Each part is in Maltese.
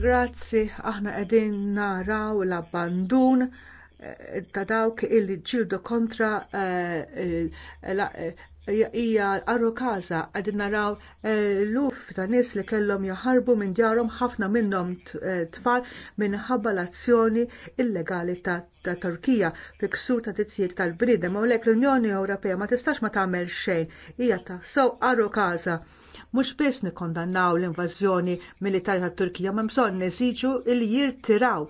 Grazzi, aħna qegħdin naraw l-abbandun eh, ta' dawk illi ġildu kontra eh, eh, hija arru kaza qegħdin naraw luf ta' nies li kellhom jaħarbu minn djarhom ħafna minnhom tfal minħabba l-azzjoni illegali ta' Turkija fi ksur ta' titjiet tal-bniedem u l-Unjoni Ewropea ma tistax ma tagħmel xejn hija ta' sew arru kaza. Mhux biss nikkondannaw l-invażjoni militari tat-Turkija ma bżonn neżiġu li jirtiraw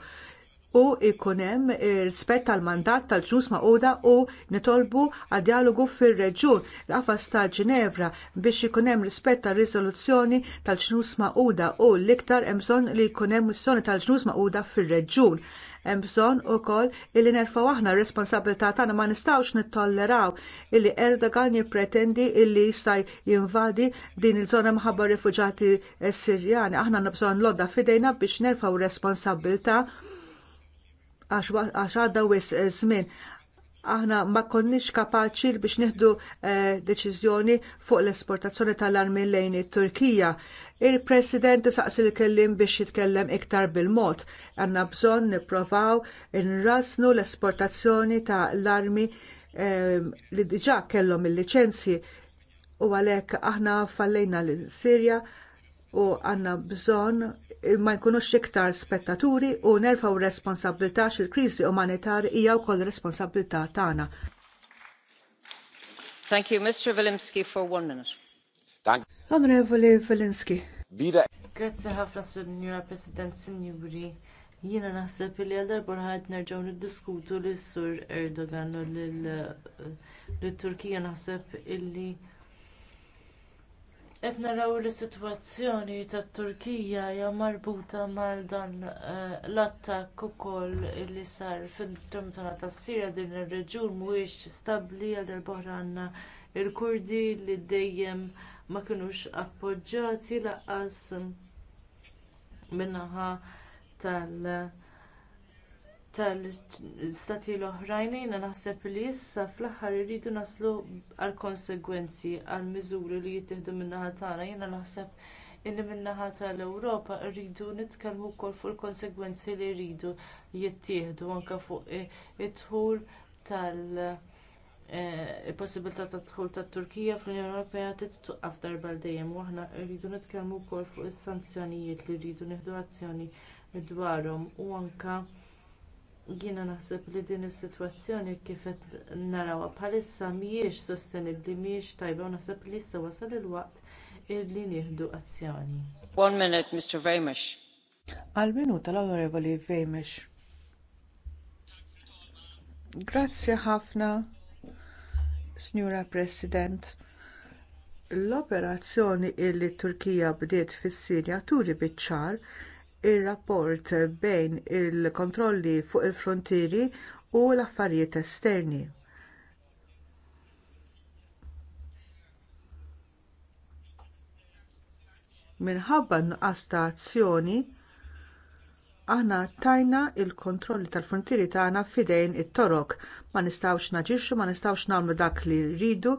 u jkun hemm rispett tal-mandat tal-ġus Magħquda u nitolbu għad dialogu fir-reġjun Rafas ta' Ġinevra biex ikun hemm rispett tar-riżoluzzjoni tal-ġnus Magħquda u l-iktar hemm bżonn li jkun hemm missjoni tal ġus Magħquda fir-reġjun Hemm bżonn ukoll illi nerfgħu aħna r-responsabilità tagħna ma nistgħux nittolleraw illi Erdogan jippretendi illi jista' jinvadi din il-żona mħabba rifuġati Sirjani. Aħna għandna bżonn lodda fidejna biex nerfgħu responsabilità għax għadda wis eh, żmien aħna ma konniex kapaċi biex nieħdu eh, deċiżjoni fuq l-esportazzjoni tal-armi lejn it-Turkija. Il-President saqsi li kellim biex jitkellem iktar bil-mod. Għanna bżonn nipprovaw nrasnu l-esportazzjoni ta' l-armi eh, li diġa' kellhom il-liċenzji u għalhekk aħna fallejna l-Sirja u għandna bżonn ma jkunux iktar spettaturi u nerfaw responsabilità xil-kriżi umanitarja hija wkoll responsabilità tagħna. Thank you, Mr. Vilimski, for one minute. Thank Onorevoli Vilimski. Vida. Grazie ħafna, Signora President, Signori. Jiena naħseb li għal darba ħajt nerġgħu niddiskutu lis sur Erdogan u lit Turkija naħseb illi qed naraw li s-sitwazzjoni tat-turkija hija marbuta mal dan eh, l-attakk ukoll li sar fit-tramuntana tas-sirja din ir-reġjun mhuwiex stabbli għal darb'oħra għandna l-kurdi li dejjem ma kinux appoġġjati lanqas min-naħa tal- tal-istati l-oħrajn jiena naħseb li issa fl-aħħar iridu naslu għal konsegwenzi għal miżuri li jittieħdu min-naħa tagħna jiena naħseb illi min-naħa tal-ewropa rridu nitkellmu wkoll fuq il-konsegwenzi li jridu jittieħdu anke fuq id-dħul tal- e, il-possibilità ta' dħul tat-Turkija fl-Unjoni Ewropea titwaqqaf darba dejjem u aħna rridu nitkellmu wkoll fuq is-sanzjonijiet li rridu nieħdu azzjoni dwarhom u anke jiena naħseb li din is-sitwazzjoni kif qed narawha bħalissa mhijiex sostenibbli mhijiex tajba u naħseb li issa wasal il-waqt illi nieħdu azzjoni. One minute, Mr. Vamish. Għal minuta l-Onorevoli Vamish. Grazzi ħafna, Signora President. L-operazzjoni illi Turkija bdiet fis-Sirja turi biċ-ċar ir-rapport bejn il-kontrolli fuq il-frontieri u l-affarijiet esterni. Minħabba nuqqas ta' azzjoni aħna tajna l kontrolli tal-frontieri tagħna fidejn it-torok. Ma nistgħux naġixxu, ma nistgħux nagħmlu dak li rridu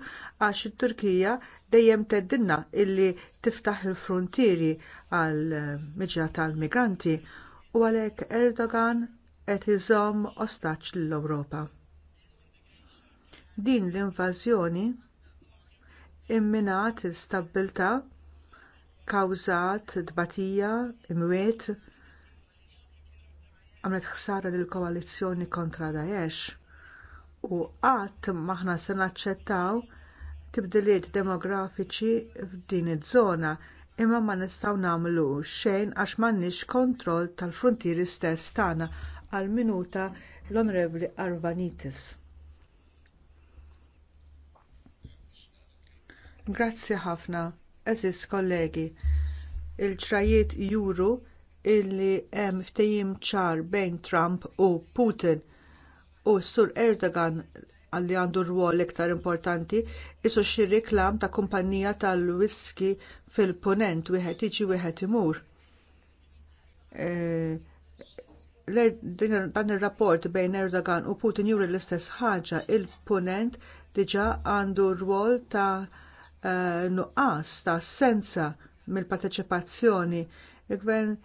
għax it-Turkija dejjem teddinna illi tiftaħ il-frontieri għal eh, miġra tal-migranti u għalhekk Erdogan qed iżomm ostaġġ lill-Ewropa. Din l-invażjoni imminat l-stabbiltà kkawżat tbatija, imwiet, għamlet ħsara lill koalizzjoni kontra Daesh u qatt maħna se naċċettaw tibdiliet demografiċi f'din iż-żona imma ma nistgħu nagħmlu xejn għax m'għandniex kontroll tal-frontieri stess tagħna għal minuta l-Onorevoli Arvanitis. Grazzi ħafna, eżis kollegi. Il-ċrajiet juru illi hemm ftehim ċar bejn Trump u Putin u s-sur Erdogan għalli għandu rwol iktar importanti, isu xi riklam ta' kumpanija tal-wiski fil-punent wieħed jiġi wieħed imur. E, dan ir-rapport bejn Erdogan u Putin juri l-istess ħaġa il-punent diġà għandu rwol ta' uh, nuqqas ta' assenza mill-parteċipazzjoni. gvern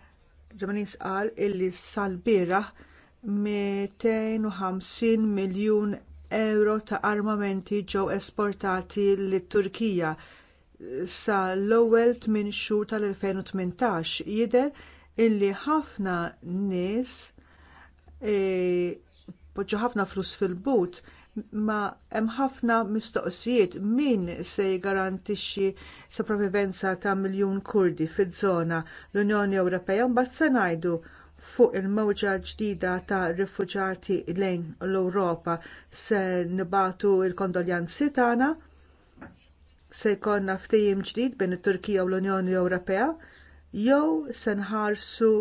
Ġemanis qal illi sal 250 miljun euro ta' armamenti ġew esportati lit turkija sa l-ewwel tmien xhur tal-2018 jidher illi ħafna nies eh, poġġu ħafna flus fil-but ma hemm ħafna mistoqsijiet min se jgarantixxi sopravivenza ta' miljun Kurdi fiż-żona l-Unjoni Ewropea mbagħad se ngħidu fuq il-mewġa ġdida ta' rifuġati lejn l-Ewropa se nibatu l kondoljanzi tagħna se jkollna ftehim ġdid bejn it-Turkija u l-Unjoni Ewropea jew se nħarsu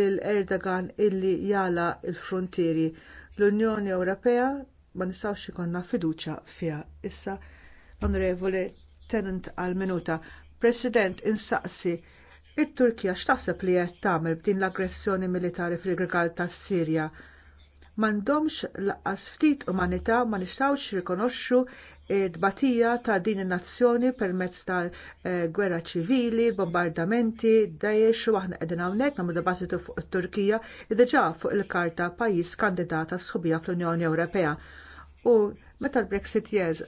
lil Erdogan illi jala l il frontieri l-Unjoni Ewropea ma nistgħux ikollna fiduċja fiha. Issa, onorevoli Tenant għal minuta. President insaqsi it-Turkija x'taħseb li qed tagħmel b'din l-aggressjoni militari fil-Grigal tas-Sirja. M'għandhomx lanqas ftit umanità ma nistgħux rikonoxxu tbatija ta' din in-nazzjoni permezz ta' eh, gwerra ċivili, bombardamenti, Daesh u aħna qegħdin hawnhekk nagħmlu dibattitu fuq it-Turkija li diġà fuq il-karta pajjiż kandidata sħubija fl-Unjoni Ewropea U meta l-Brexit jeż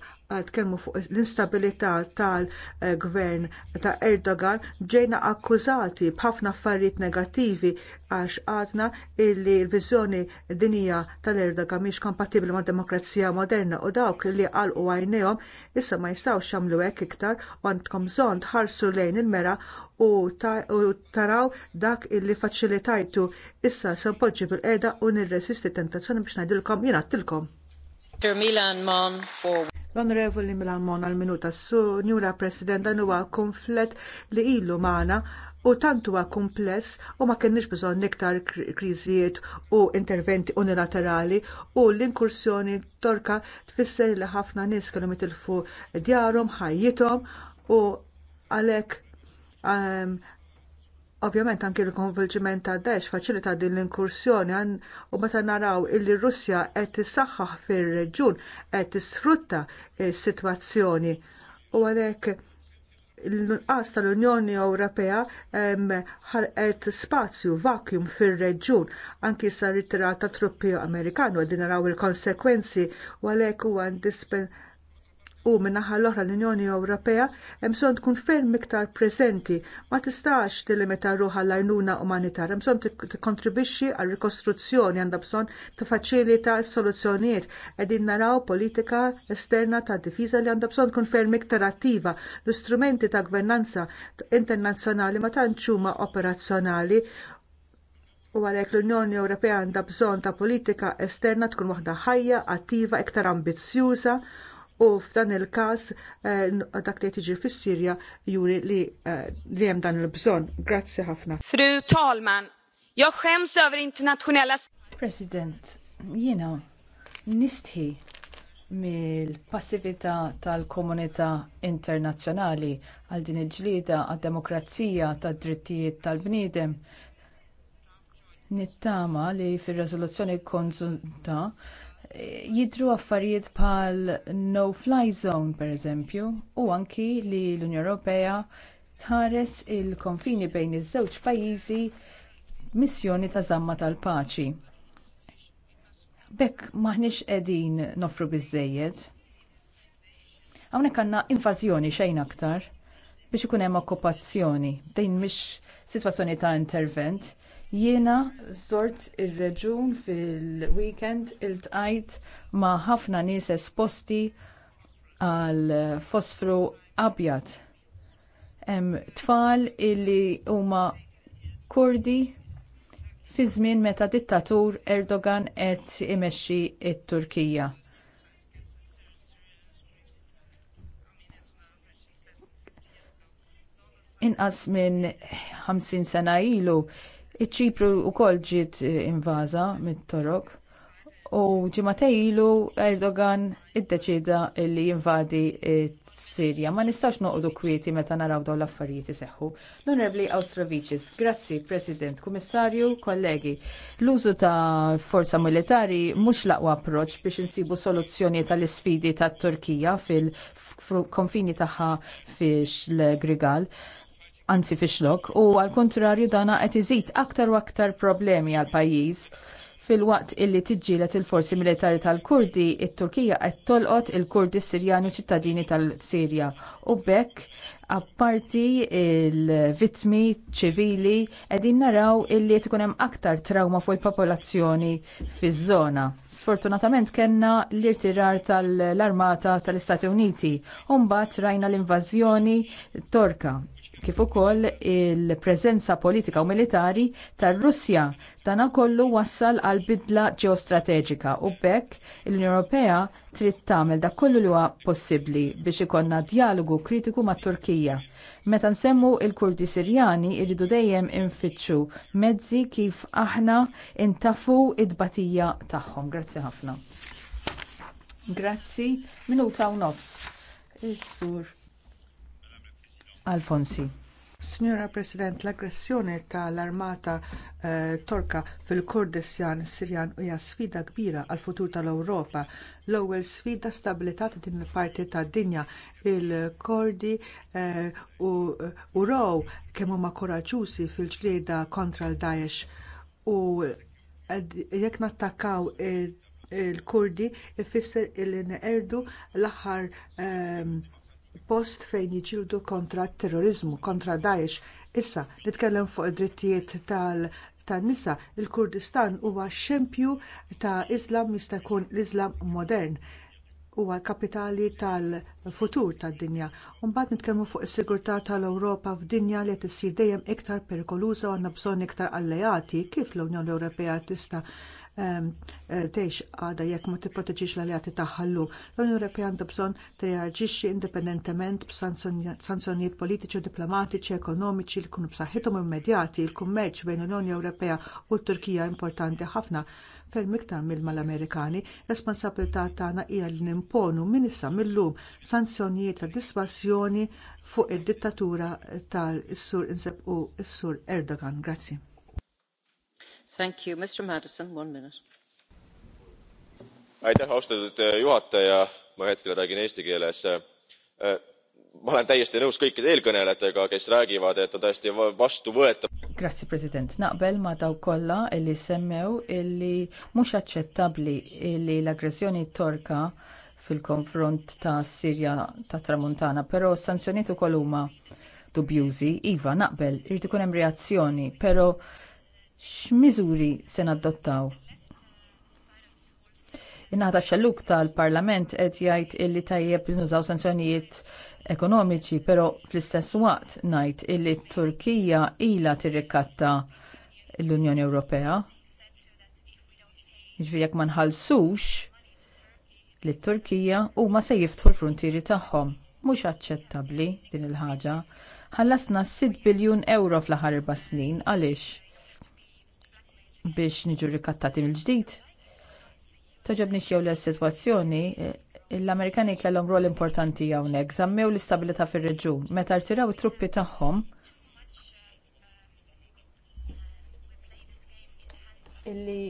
tkellmu fuq l-instabilità tal-gvern ta' Erdogan ġejna akkużati b'ħafna affarijiet negattivi għax għadna li l-viżjoni dinija tal-Erdogan mhix kompatibbli mad demokrazija moderna u dawk li qalqu għajnejhom issa ma jistgħux jagħmlu hekk iktar u għandkom bżonn tħarsu lejn il-mera u taraw dak illi faċilitajtu issa se poġġi bil-qeda u nirresisti tentazzjoni biex ngħidilkom jien għattilkom. Milan L-Onorevoli Milan Mon għal-minuta su njura President dan huwa konflett li ilu maħna u tant huwa kumpless u ma kenniex bżonn iktar kriżijiet u interventi unilaterali u l-inkursjoni torka tfisser li ħafna nies kellhom mitilfu djarhom, ħajjithom u għalhekk ehm, Ovvjament anki l-konvolġiment ta' Daesh faċilita din l-inkursjoni u meta naraw illi Russja qed tissaħħaħ fir-reġjun qed tisfrutta s-sitwazzjoni u għalhekk l-inqas tal-Unjoni Ewropea ħarqet spazju vacuum fir-reġjun anke sa ritirata truppi Amerikani u naraw il-konsekwenzi u għalhekk huwa indispensabli u min-naħa l-oħra l-Unjoni Ewropea hemm bżonn tkun ferm iktar preżenti ma tistax tillimita ruħha l-għajnuna umanitarja, hemm bżonn tikkontribwixxi għal rikostruzzjoni għandha bżonn tiffaċilita s-soluzzjonijiet. Qegħdin naraw politika esterna ta' difiża li għandha bżonn tkun ferm iktar attiva. L-istrumenti ta' gvernanza internazzjonali ma tantx huma operazzjonali u għalhekk l-Unjoni Ewropea għandha bżonn ta' politika esterna tkun waħda ħajja, attiva, iktar ambizzjuża u f'dan il-każ eh, dak li tiġi fis-Sirja juri li eh, li hemm dan il-bżonn. Grazzi ħafna. Fru Talman, jag skäms över internazzjonali. President, jiena nistħi mill-passività tal-komunità internazzjonali għal din il-ġlieda għad-demokrazija tad-drittijiet tal-bniedem nittama li fir riżoluzzjoni Konsulta jidru affarijiet bħal no-fly zone pereżempju, u anki li l unjoni Ewropea tħares il-konfini bejn iż-żewġ pajjiżi missjoni ta' żamma tal-paċi. B'hekk m'aħniex qegħdin noffru biżżejjed. Hawnhekk għandna invażjoni xejn aktar biex ikun hemm okkupazzjoni. Dejn mhix sitwazzjoni ta' intervent Jiena żort ir-reġun fil-weekend iltqajt ma' ħafna nies esposti għal fosfru abjad. Hemm tfal illi huma Kurdi fi żmien meta dittatur Erdogan qed imexxi t turkija Inqas minn 50 sena ilu Iċ-Ċipru wkoll ġiet invasa mit-Torok u ġimagħtej ilu Erdogan iddeċida li jinvadi Sirja. Ma nistax noqogħdu kwieti meta naraw dawn l-affarijiet iseħħu. L-Onorevli Austrovicius, grazzi President, Kummissarju, kollegi. L-użu ta' forza militari mhux l-aqwa approċċ biex insibu soluzzjoni tal-isfidi tat-Turkija fil-konfini tagħha fix l-Grigal anzi fixlok u għal kontrarju dana qed iżid aktar u aktar problemi għal pajjiż fil-waqt illi tiġġielet il-forzi militari tal-Kurdi, it-Turkija qed tolqot il-Kurdi Sirjani u ċittadini tal-Sirja u bekk apparti il-vittmi ċivili qegħdin naraw illi qed ikun hemm aktar trauma fuq il-popolazzjoni fiż-żona. Sfortunatament kellna l-irtirar tal-Armata tal-Istati Uniti u mbagħad rajna l-invażjoni Torka kif ukoll il-preżenza politika u militari tar-Russja dan kollu wassal għal bidla ġeostrateġika u bekk l-Unjoni Ewropea trid tagħmel dak kollu li huwa possibbli biex ikollna dijalogu kritiku mat-Turkija. Meta nsemmu l kurdi Sirjani jridu dejjem infittxu mezzi kif aħna intafu id-batija tagħhom. Grazzi ħafna. Grazzi, minuta u nofs. Is-sur Alfonsi. Signora President, l-aggressjoni tal-armata eh, torka fil-Kurdistan Sirjan hija sfida kbira għall futur tal-Ewropa. L-ewwel sfida stabilità ta' din il-parti tad-dinja il-Kordi eh, u, kemm huma koraġġużi fil-ġlieda kontra l-Daesh u jekk nattakkaw il-Kurdi ifisser il l-aħħar eh, post fejn jiġildu kontra t terrorizmu, kontra Daesh. Issa, nitkellem fuq id-drittijiet tal tan-nisa, il-Kurdistan huwa xempju ta' Islam jista' jkun l-Islam modern huwa kapitali tal-futur tad-dinja. U Mbagħad nitkellmu fuq is-sigurtà tal-Ewropa f'dinja li qed issir dejjem iktar perikoluża u għandna bżonn iktar alleati kif l-Unjoni Ewropea tista' Eh, teħx għada jekk ma tipproteġix l-aljati tagħha L-Unjoni Ewropea għandha bżonn tirreaġixxi indipendentement b'sanzjonijiet politiċi u diplomatiċi, ekonomiċi li jkunu b'saħħithom immedjati. Il-kummerċ bejn l-Unjoni Ewropea u t-Turkija importanti ħafna ferm iktar mill-mal-Amerikani, responsabilità tagħna hija li nimponu min issa millum sanzjonijiet ta' dispassjoni fuq id-dittatura tal-Sur Insep u s-Sur Erdogan. Grazzi austatud äh, juhataja ma hetkel räägin eesti keeles. Äh, ma olen täiesti nõus kõikide eelkõnelejatega kes räägivad et on täiesti vastuvõetav. Grazzi President, naqbel ma daw kollha illi semmew illi mhux aċċettabbli illi l-aggressjoni torka fil-konfront ta' Sirja ta' Tramuntana, però sanzjonijiet ukoll huma dubjużi. Iva, naqbel, irid ikun hemm reazzjoni, però x'miżuri se nadottaw? Inħata xalluk tal-Parlament qed jgħid illi tajjeb li nużaw sanzjonijiet ekonomiċi, però fl-istess waqt ngħid illi t Turkija ilha tirrikatta l-Unjoni Ewropea. Jiġifieri jekk ma nħallsux lit turkija huma se jiftħu l-fruntieri tagħhom. Mhux aċċettabbli din il-ħaġa. Ħallasna 6 biljun euro fl-aħħar erba' snin għaliex? biex niġu rikattati mill-ġdid. Toġobni xew l-situazzjoni, eh, l-Amerikani kellhom rol importanti hawnhekk, żammew l-istabilità fir-reġjun. Meta rtiraw it-truppi tagħhom, illi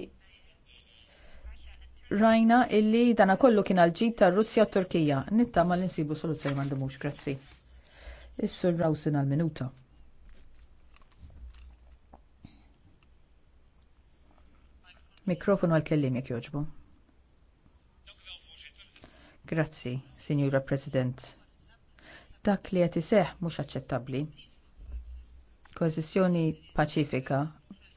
rajna illi dana kollu kien għal-ġid tar Russja u Turkija. Nittama li nsibu soluzzjoni m'għandhomux, grazzi. is Rawsin għal-minuta. Mikrofonu għal-kellim jek joġbu. Grazzi, Sinjura President. Dak li qed iseħħ mhux aċċettabbli. Kożizzjoni paċifika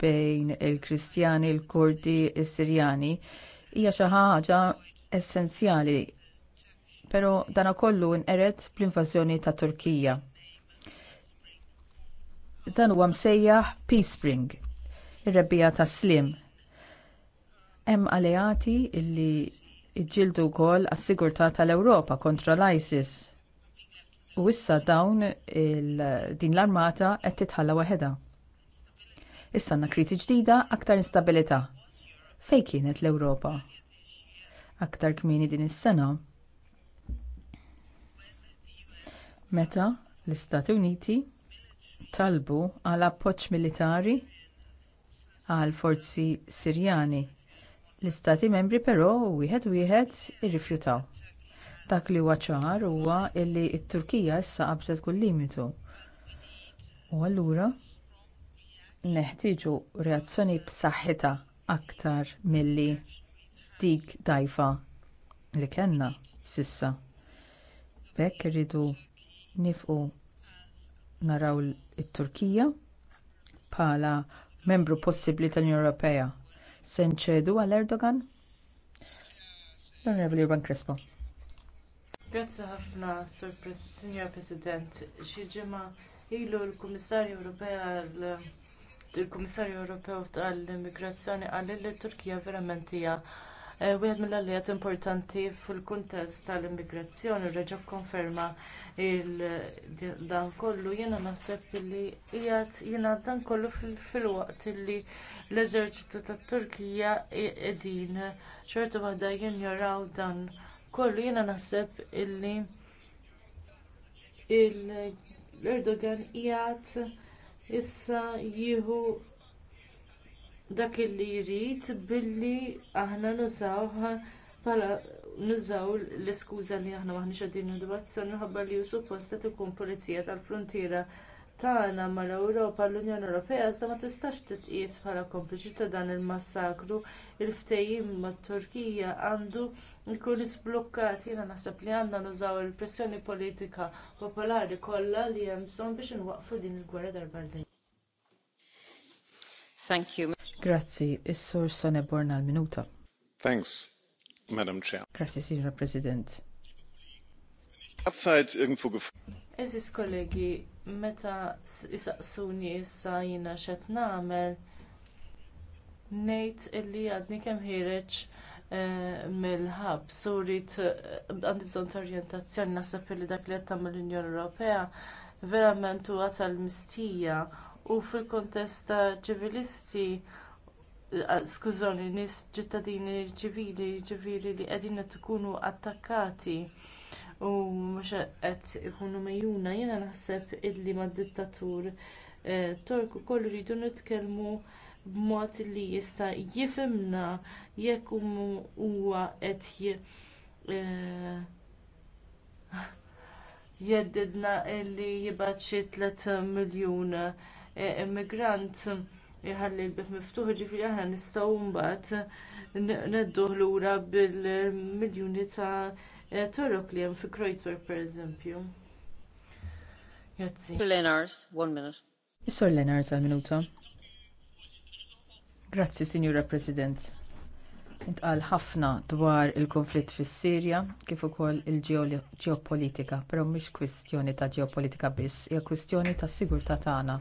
bejn il-Kristjani, il-Kurdi, il sirjani hija xi ħaġa essenzjali. Però dana kollu inqered bl-invażjoni ta' Turkija. Dan huwa msejjaħ Peace Spring, ir-rebbija ta' slim Hemm alleati li jġildu wkoll għas-sigurtà tal-Ewropa kontra l-ISIS. U issa dawn din l-armata qed titħalla waħedha. Issa għandna kriżi ġdida aktar instabilità. Fejn kienet l-Ewropa? Aktar kmieni din is-sena. Meta l-Istati Uniti talbu għal appoġġ militari għal forzi Sirjani l-istati membri però wieħed wieħed irrifjutaw dak li huwa ċar huwa li t-turkija issa qabżet kull limitu u allura neħtieġu reazzjoni b'saħħitha aktar milli dik dgħajfa li kellna s'issa b'hekk irridu nifqu naraw it-turkija bħala membru possibbli tal-unjoni ewropea se nċedu għal Erdogan? L-Onorevoli Urban Crespo. Grazzi ħafna, Signor President. Xi ġimgħa ilu l-Kummissarju Ewropea il-Kummissarju Ewropew tal-Immigrazzjoni qal li t-Turkija verament hija eh, wieħed mill għalijiet importanti fil-kuntest tal-immigrazzjoni reġa' kkonferma dan kollu jiena naħseb li qiegħed jingħad dan kollu fil-waqt li l-eżerċitu tat-Turkija qegħdin xorta waħda jinjoraw dan kollu jiena naħseb illi l-Erdogan qiegħed issa jieħu dak illi jrid billi aħna nużawh bħala nużaw l-iskuża li aħna maħniex qegħdin nidwazza minħabba li hu suppost qed ikun pulizija tal-fruntiera tagħna mal-ewropa l-unjoni ewropea iżda ma tistax titqies bħala kompliċi ta' dan il-massakru il-ftehim mat-turkija għandu jkun isblukkat jiena naħseb li għandna nużaw il-pressjoni politika popolari kollha li hemm bżonn biex inwaqqfu din il-gwerra darba l Thank you. Grazzi, is-sur Sone Borna l-minuta. Thanks, Madam Chair. Grazzi, Signora President. Eżis kollegi, meta isaqsuni issa jiena x'qed nagħmel ngħid illi għadni kemm ħireġ eh, mill-ħabs u rrid eh, għandi bżonn ta' orjentazzjoni naħseb li dak li qed tagħmel l-Unjoni Ewropea verament huwa tal-mistija u fil-kuntest ta' ċivilisti eh, skużoni nies ċittadini ċivili ċivili li qegħdin qed ikunu attakkati u mhux qed ikunu mejjuna jiena naħseb illi mad-dittatur eh, Torku kollu rridu nitkellmu b'mod li jista' jifhimna jekk huwa qed eh, jeddidna li jibgħat xi 3 miljun eh, immigrant jħalli l-bib miftuħ ġifiri aħna nistgħu mbagħad nedduh lura bil-miljuni ta' Eh, torok li hemm fi Kreuzberg pereżempju. Grazzi. Lenars, one minute. is Lenars għal minuta. Grazzi, Signora President. Intqal ħafna dwar il-konflitt fis-Sirja kif ukoll il-ġeopolitika, però mhix kwistjoni ta' ġeopolitika biss, hija kwistjoni ta' sigurtà tagħna.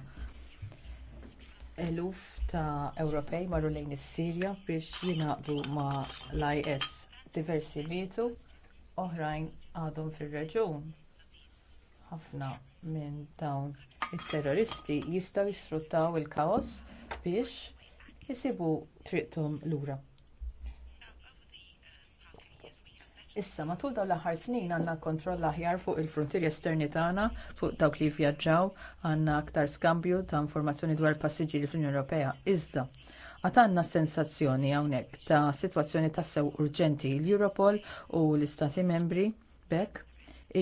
Eluf ta' Ewropej marru lejn is-Sirja biex jingħaqdu mal-IS diversi mietu oħrajn għadhom fir-reġjun. Ħafna minn dawn it-terroristi jistgħu jisfruttaw il-kaos biex isibu triqthom lura. Issa matul dawn l-aħħar snin għandna kontroll aħjar fuq il-frontieri esterni tagħna fuq dawk li vjaġġaw għandna aktar skambju ta' informazzjoni dwar passiġġieri fl-Unjoni Ewropea. Iżda Għatanna sensazzjoni hawnhekk ta' sitwazzjoni tassew urġenti l-Europol u l-Istati membri bekk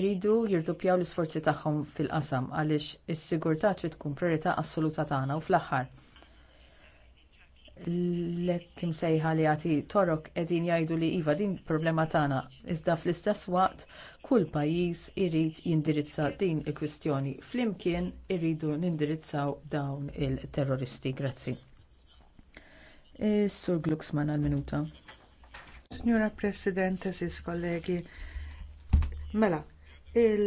iridu jirdupjaw l-isforzi tagħhom fil-qasam għaliex is-sigurtà trid tkun priorità assoluta tagħna u fl-aħħar. l-ek sejħa li għati torok qegħdin jgħidu li iva din problema tagħna iżda fl-istess waqt kull pajjiż irid jindirizza din il-kwistjoni flimkien iridu nindirizzaw dawn il-terroristi. Grazzi. Sur Glucksmann għal-minuta. Signora President, sis kollegi, mela, il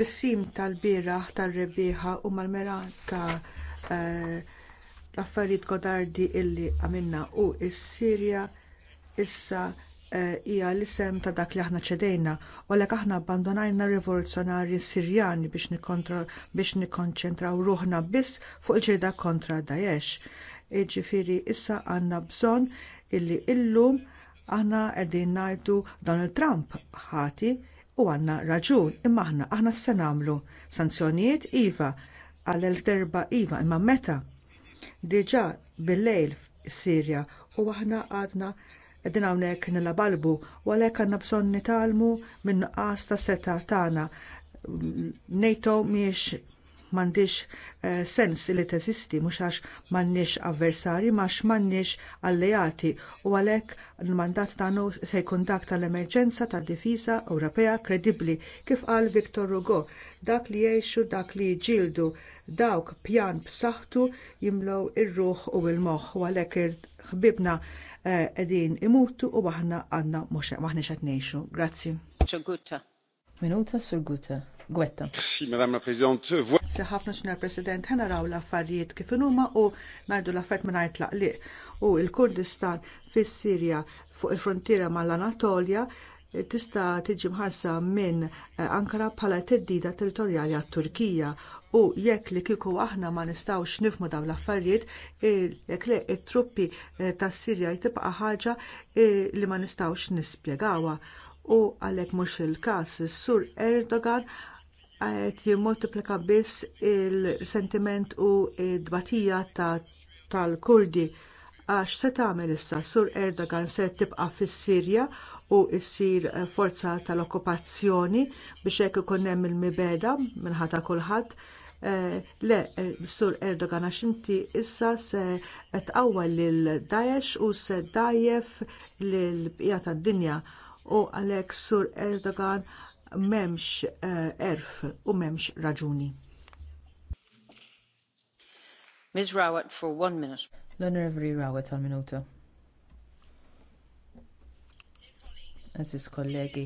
vissim tal bira tal-rebbieħa u mal mera eh, l-affarijiet godardi illi għamilna u s-Sirja issa eh, hija l-isem ta' dak li aħna ċedejna u lek aħna abbandonajna rivoluzzjonarji Sirjani biex nikkonċentraw ruħna biss fuq il-ġeda kontra Daesh. Jiġifieri issa għandna bżonn illi illum aħna qegħdin ngħidu Donald Trump ħati u għandna raġun imma aħna aħna se nagħmlu sanzjonijiet iva għal terba iva imma meta diġà bil-lejl Sirja u aħna għadna qegħdin hawnhekk nilabalbu u għalhekk għandna bżonn nitalmu minn nuqqas ta' seta' tagħna NATO miex m'għandix eh, sens li teżisti mhux għax m'għandniex avversari għax m'għandniex alleati u għalhekk il-mandat tagħna se jkun dak tal-emerġenza tad-difiża Ewropea kredibbli kif qal Victor Hugo dak li jgħixu dak li jġildu dawk pjan b'saħħtu jimlew ir-ruħ u l-moħħ u għalhekk ħbibna eh, qegħdin imutu u aħna għandna mhux aħna qed ngħixu. Grazzi. Minuta sur Guta. Gwetta. Merci, Madame la President. Seħafna xnur President, ħana raw l-affarijiet kif huma u najdu l-affarijiet minn għajt laqliq. U il-Kurdistan fis sirja fuq il-frontiera mal-Anatolja tista' tiġi mħarsa minn eh, Ankara bħala teddida territorjali għat-Turkija u jekk li kieku aħna ma nistgħux nifhmu dawn l-affarijiet, jekk li t-truppi eh, tas Sirja jtibqa' ħaġa eh, li ma nistawx nispjegawha. U għalhekk mhux il-każ sur Erdogan qed jimmultiplika biss il-sentiment u d-dbatija tal-Kurdi għax se tagħmel issa sur Erdogan se tibqa' fis-Sirja u ssir forza tal-okkupazzjoni biex hekk ikun hemm il-mibeda minħata kulħadd eh, le, sur Erdogan, għax inti issa se tqawwa lil Daesh u se dajjef lill bqija tad-dinja u għalhekk sur Erdogan m'hemmx uh, erf u m'hemmx raġuni. Ms. Rawat for one minute. L-Honorable Rawat għal minuta. Aziz kollegi,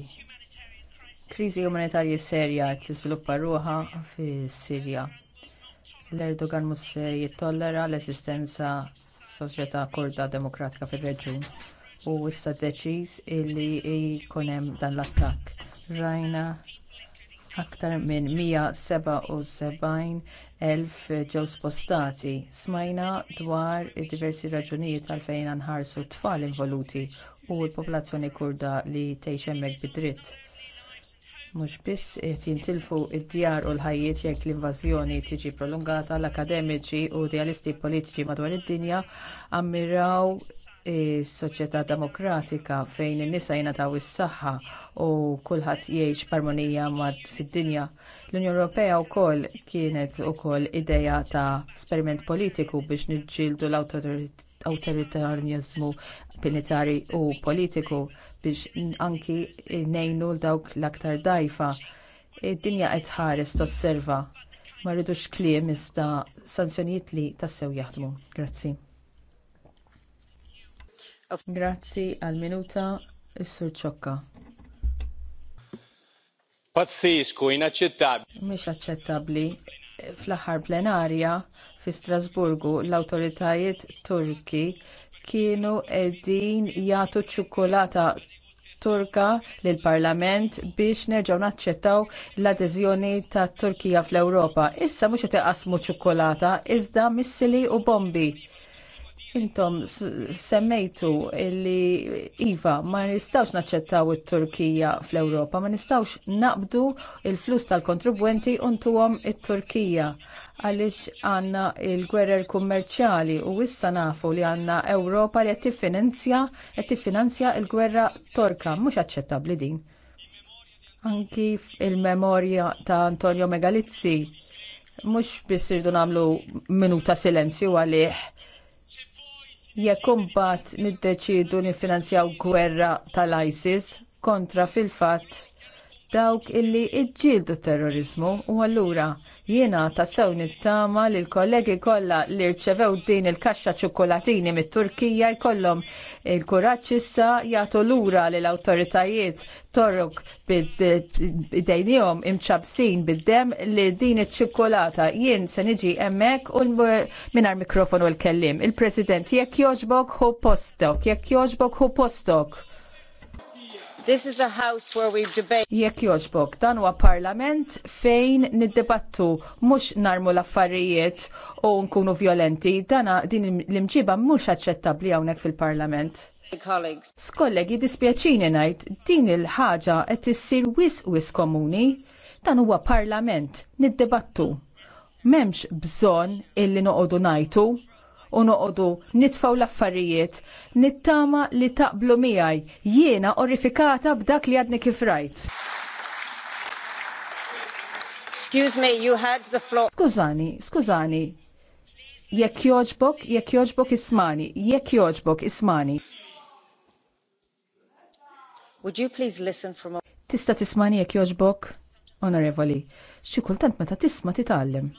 kriżi umanitarja serja qed tiżviluppa ruħa fis-Sirja. L-Erdogan Mus se jittollera l-esistenza soċjetà kurda demokratika fir-reġjun u issa deċiż illi jkun hemm dan l-attakk rajna aktar minn 177,000 ġew spostati. Smajna dwar id-diversi raġunijiet għalfejn nħarsu t-tfal involuti u l-popolazzjoni kurda li tgħix hemmhekk bid-dritt mhux biss qed jintilfu d-djar u l-ħajjiet jekk l-invażjoni tiġi prolungata l-akademiċi u idealisti politiċi madwar id-dinja ammiraw is-soċjetà demokratika fejn in-nisa jingħataw is-saħħa u kulħadd jgħix b'armonija mad fid-dinja. L-Unjoni Ewropea wkoll kienet ukoll idea ta' esperiment politiku biex niġġieldu l-awtoritajiet awtoritarjanizmu militari u politiku biex anki ngħinu l dawk l-aktar dgħajfa. Id-dinja qed tħares tosserva ma rridux kliem iżda sanzjonijiet li tassew jaħdmu. Grazzi. Grazzi għal minuta is-Sur Ċokka. Pazzisku inaċċettabbli. Mhix aċċettabbli fl-aħħar plenarja fi Strasburgu l-awtoritajiet Turki kienu qegħdin jagħtu ċ-ċokolata Turka lill Parlament biex nerġgħu naċċettaw l-adeżjoni tat Turkija fl-Ewropa. Issa mhux qed iqasmu ċokolata iżda missili u bombi. Intom semmejtu li Iva ma nistawx naċċettaw it-Turkija fl-Ewropa, ma nistawx naqbdu il-flus tal-kontribwenti untuhom it-Turkija għaliex għandna il-gwerer kummerċjali u issa nafu li għandna Ewropa li qed tiffinanzja qed tiffinanzja l-gwerra Torka mhux aċċettabbli din. Anki il-memorja ta' Antonio Megalizzi mhux biss irdu nagħmlu minuta silenzju għalih jekk imbagħad niddeċiedu niffinanzjaw gwerra tal-ISIS kontra fil-fatt dawk illi iġġieldu t terrorizmu u allura jiena tassew nittama li l-kollegi kollha li rċevew din il-kaxxa ċokolatini mit-Turkija jkollhom il-kuraġġ issa jagħtu lura lill awtoritajiet torok bidejnihom imċabsin bid-dem li din iċ-ċokolata jien se niġi hemmhekk u mingħajr mikrofonu l-kellim. Il-President jekk jogħġbok hu postok, jekk jogħġbok hu postok. This is a house where we debate. Jekk joġbok, dan huwa parlament fejn niddebattu mhux narmu l-affarijiet u nkunu violenti. Dan din l-imġiba mhux aċċettabbli hawnhekk fil-parlament. Skollegi dispjaċini ngħid din il-ħaġa qed issir wis wis komuni. Dan huwa parlament niddebattu. M'hemmx bżonn illi noqogħdu ngħidu u noqogħdu nitfgħu l-affarijiet, nittama li taqblu miegħi jiena orrifikata b'dak li għadni kif rajt. Excuse me, you had the floor. Skużani, skużani. Jekk joġbok, jekk joġbok ismani, jekk joġbok ismani. Would you please listen from Tista' tismani jekk joġbok? Onorevoli, xi kultant meta tisma' titgħallem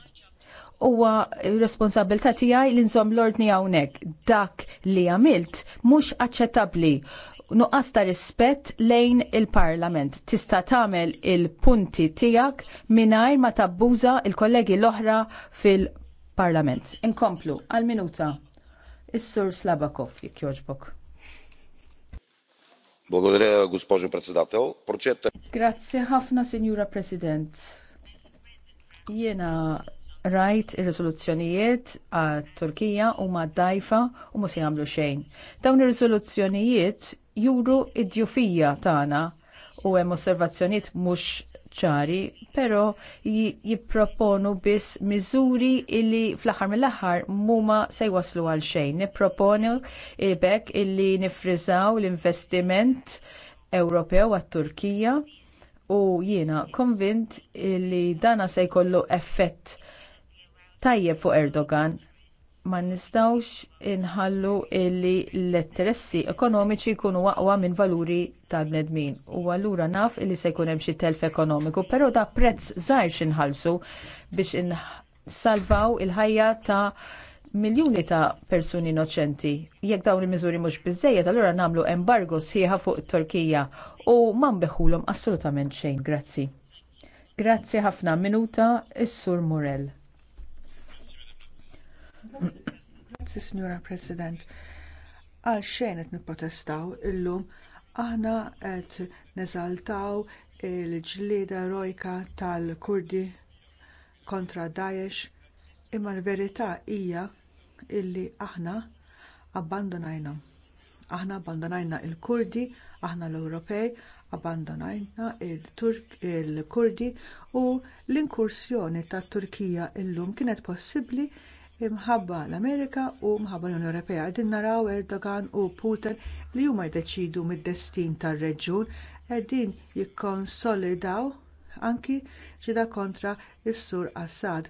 huwa responsabilità tiegħi li nżomm l-ordni hawnhekk. Dak li għamilt mhux aċċettabbli nuqqas ta' rispett lejn il-Parlament. Tista' tagħmel il-punti tiegħek mingħajr ma tabbuża il-kollegi l-oħra fil-Parlament. Inkomplu għal minuta. Is-Sur Slabakov jekk jogħġbok. Благодаря, госпожо председател. Прочета. Грация ħafna, Signora President. Jena rajt ir-riżoluzzjonijiet għat Turkija huma dgħajfa u mhux jagħmlu xejn. Dawn ir-riżoluzzjonijiet juru id-djufija tagħna u hemm osservazzjonijiet mhux ċari, però jipproponu biss miżuri illi fl-aħħar mill-aħħar huma se jwaslu għal xejn. Nipproponu ibek illi nifriżaw l-investiment Ewropew għat-Turkija u jiena konvint li dana se jkollu effett tajjeb fuq Erdogan. Ma nistgħux inħallu li l-interessi ekonomiċi jkunu aqwa minn valuri tal-bnedmin. U allura naf li se jkun hemm xi telf ekonomiku, però da prezz żgħar x'inħallsu biex insalvaw il-ħajja ta' miljuni ta' persuni innoċenti. Jekk dawn il-miżuri mhux biżżejjed, allura nagħmlu embargo sħiħa fuq it Turkija u ma nbeħħulhom assolutament xejn. Grazzi. Grazzi ħafna minuta is-Sur Murell. Grazzi, Signora President. Għal xejn qed nipprotestaw illum aħna qed neżaltaw il-ġlieda erojka tal-Kurdi kontra Daesh imma l-verità hija illi aħna abbandonajna. Aħna abbandonajna l kurdi aħna l-Ewropej, abbandonajna il-Kurdi u l-inkursjoni tat Turkija llum kienet possibbli imħabba l-Amerika u mħabba l-Unjoni Ewropea. Qegħdin naraw Erdogan u Putin li huma jdeċidu mid-destin tar-reġjun qegħdin jikkonsolidaw anki ġida kontra s-sur Assad.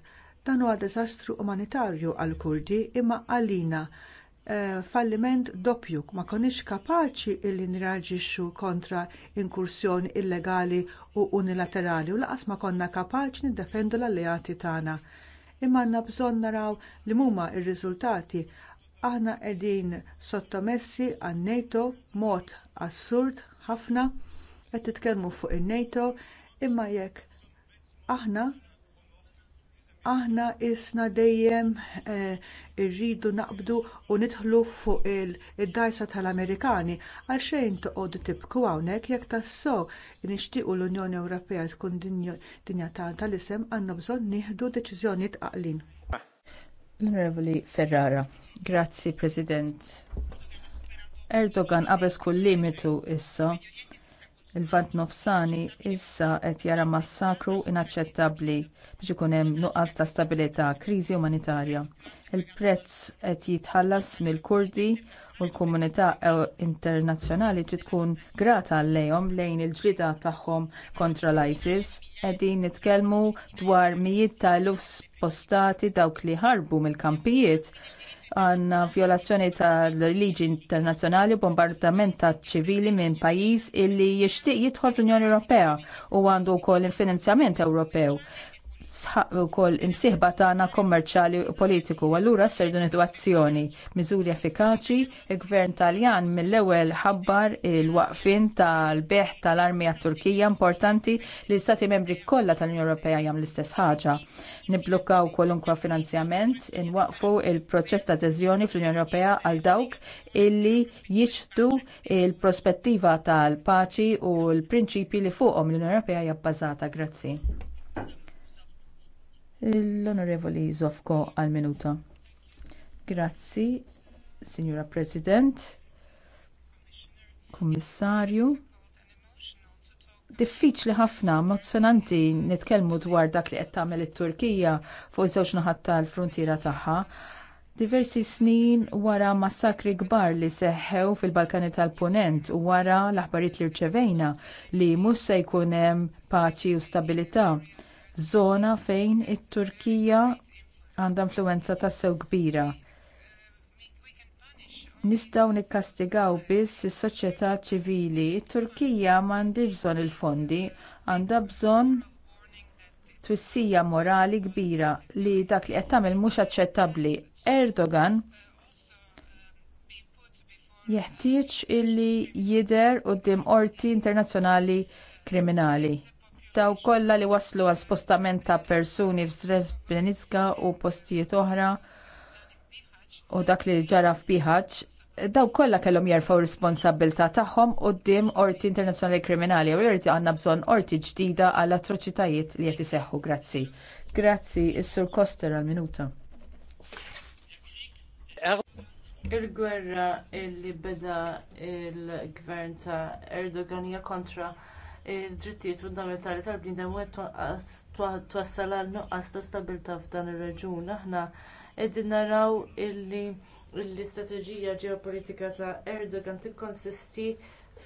Dan huwa diżastru umanitarju għall kurdi imma għalina eh, falliment doppju ma konniex kapaċi illi nirraġixxu kontra inkursjoni illegali u unilaterali u laqas ma konna kapaċi niddefendu l-alleati tagħna imma għandna bżonn naraw li huma r-riżultati. Aħna qegħdin sottomessi għan NATO mod assurd ħafna qed titkellmu fuq in-NATO imma jekk aħna aħna isna dejjem eh, irridu naqbdu u nidħlu fuq id-dajsa tal-Amerikani għal xejn toqgħodu tibku hawnhekk jekk tassew nixtiequ l-Unjoni Ewropea tkun dinja tal-isem għandna bżonn nieħdu deċiżjonijiet għaqlin. Onorevoli Ferrara, grazzi President. Erdogan qabeż kull limitu issa il-Vant Nofsani issa qed jara massakru inaċċettabbli biex ikun hemm nuqqas ta' stabilità, kriżi umanitarja. Il-prezz qed jitħallas mill-Kurdi u l-komunità internazzjonali trid tkun grata għalejhom lejn il-ġrida tagħhom kontra l-ISIS. Qegħdin nitkellmu dwar mijiet ta' eluf spostati dawk li ħarbu mill-kampijiet għanna violazzjoni tal-liġi internazzjonali u bombardament ta' ċivili minn pajjiż illi jixtieq jidħol fl-Unjoni Ewropea u għandu wkoll il-finanzjament Ewropew sħaq ukoll imsieħba tagħna kommerċjali u politiku allura ser din azzjoni miżuri effikaċi il-gvern Taljan mill-ewwel ħabbar il-waqfin tal-beħ tal-armi għat-Turkija importanti li l-Stati membri kollha tal-Unjoni Ewropea jagħmlu l-istess ħaġa. Niblukkaw kwalunkwa finanzjament, inwaqfu il-proċess ta' teżjoni fl-Unjoni Ewropea għal dawk illi jixtu il-prospettiva tal-paċi u l-prinċipji li fuqhom l-Unjoni Ewropea hija bbażata. Grazzi l Zofko għal minuta. Grazzi, Signora President, Kummissarju. Diffiċli ħafna mozzonanti nitkellmu dwar dak li qed tagħmel it-Turkija fuq żewġ naħat tal-frontiera tagħha. Diversi snin wara massakri kbar li seħħew fil-Balkani tal-Punent u wara l-aħbarijiet li rċevejna li mhux se jkun hemm paċi u stabilità żona fejn it-Turkija għandha influwenza tassew kbira. Nistgħu nikkastigaw biss is-soċjetà ċivili. It-Turkija m'għandix bżonn il-fondi, għandha bżonn twissija morali kbira li dak li qed tagħmel mhux aċċettabbli. Erdogan jeħtieġ illi jidher quddiem qorti internazzjonali kriminali daw kollha li waslu għal spostament ta' persuni f'Srebrenica u postijiet oħra u dak li ġara f'Biħaġ daw kollha kellhom jerfgħu responsabilità tagħhom quddiem Qorti Internazzjonali Kriminali u jrid għandna bżonn qorti ġdida għall atroċitajiet li qed iseħħu. Grazzi. Grazzi is-Sur Koster għal minuta. Il-gwerra li beda l gvern ta' Erdogan hija kontra id-drittijiet fundamentali tal-bniedem u qed twassal għal nuqqas ta' stabbiltà f'dan ir-reġjun aħna qegħdin naraw li l-istrateġija ġeopolitika ta' erdogan tikkonsisti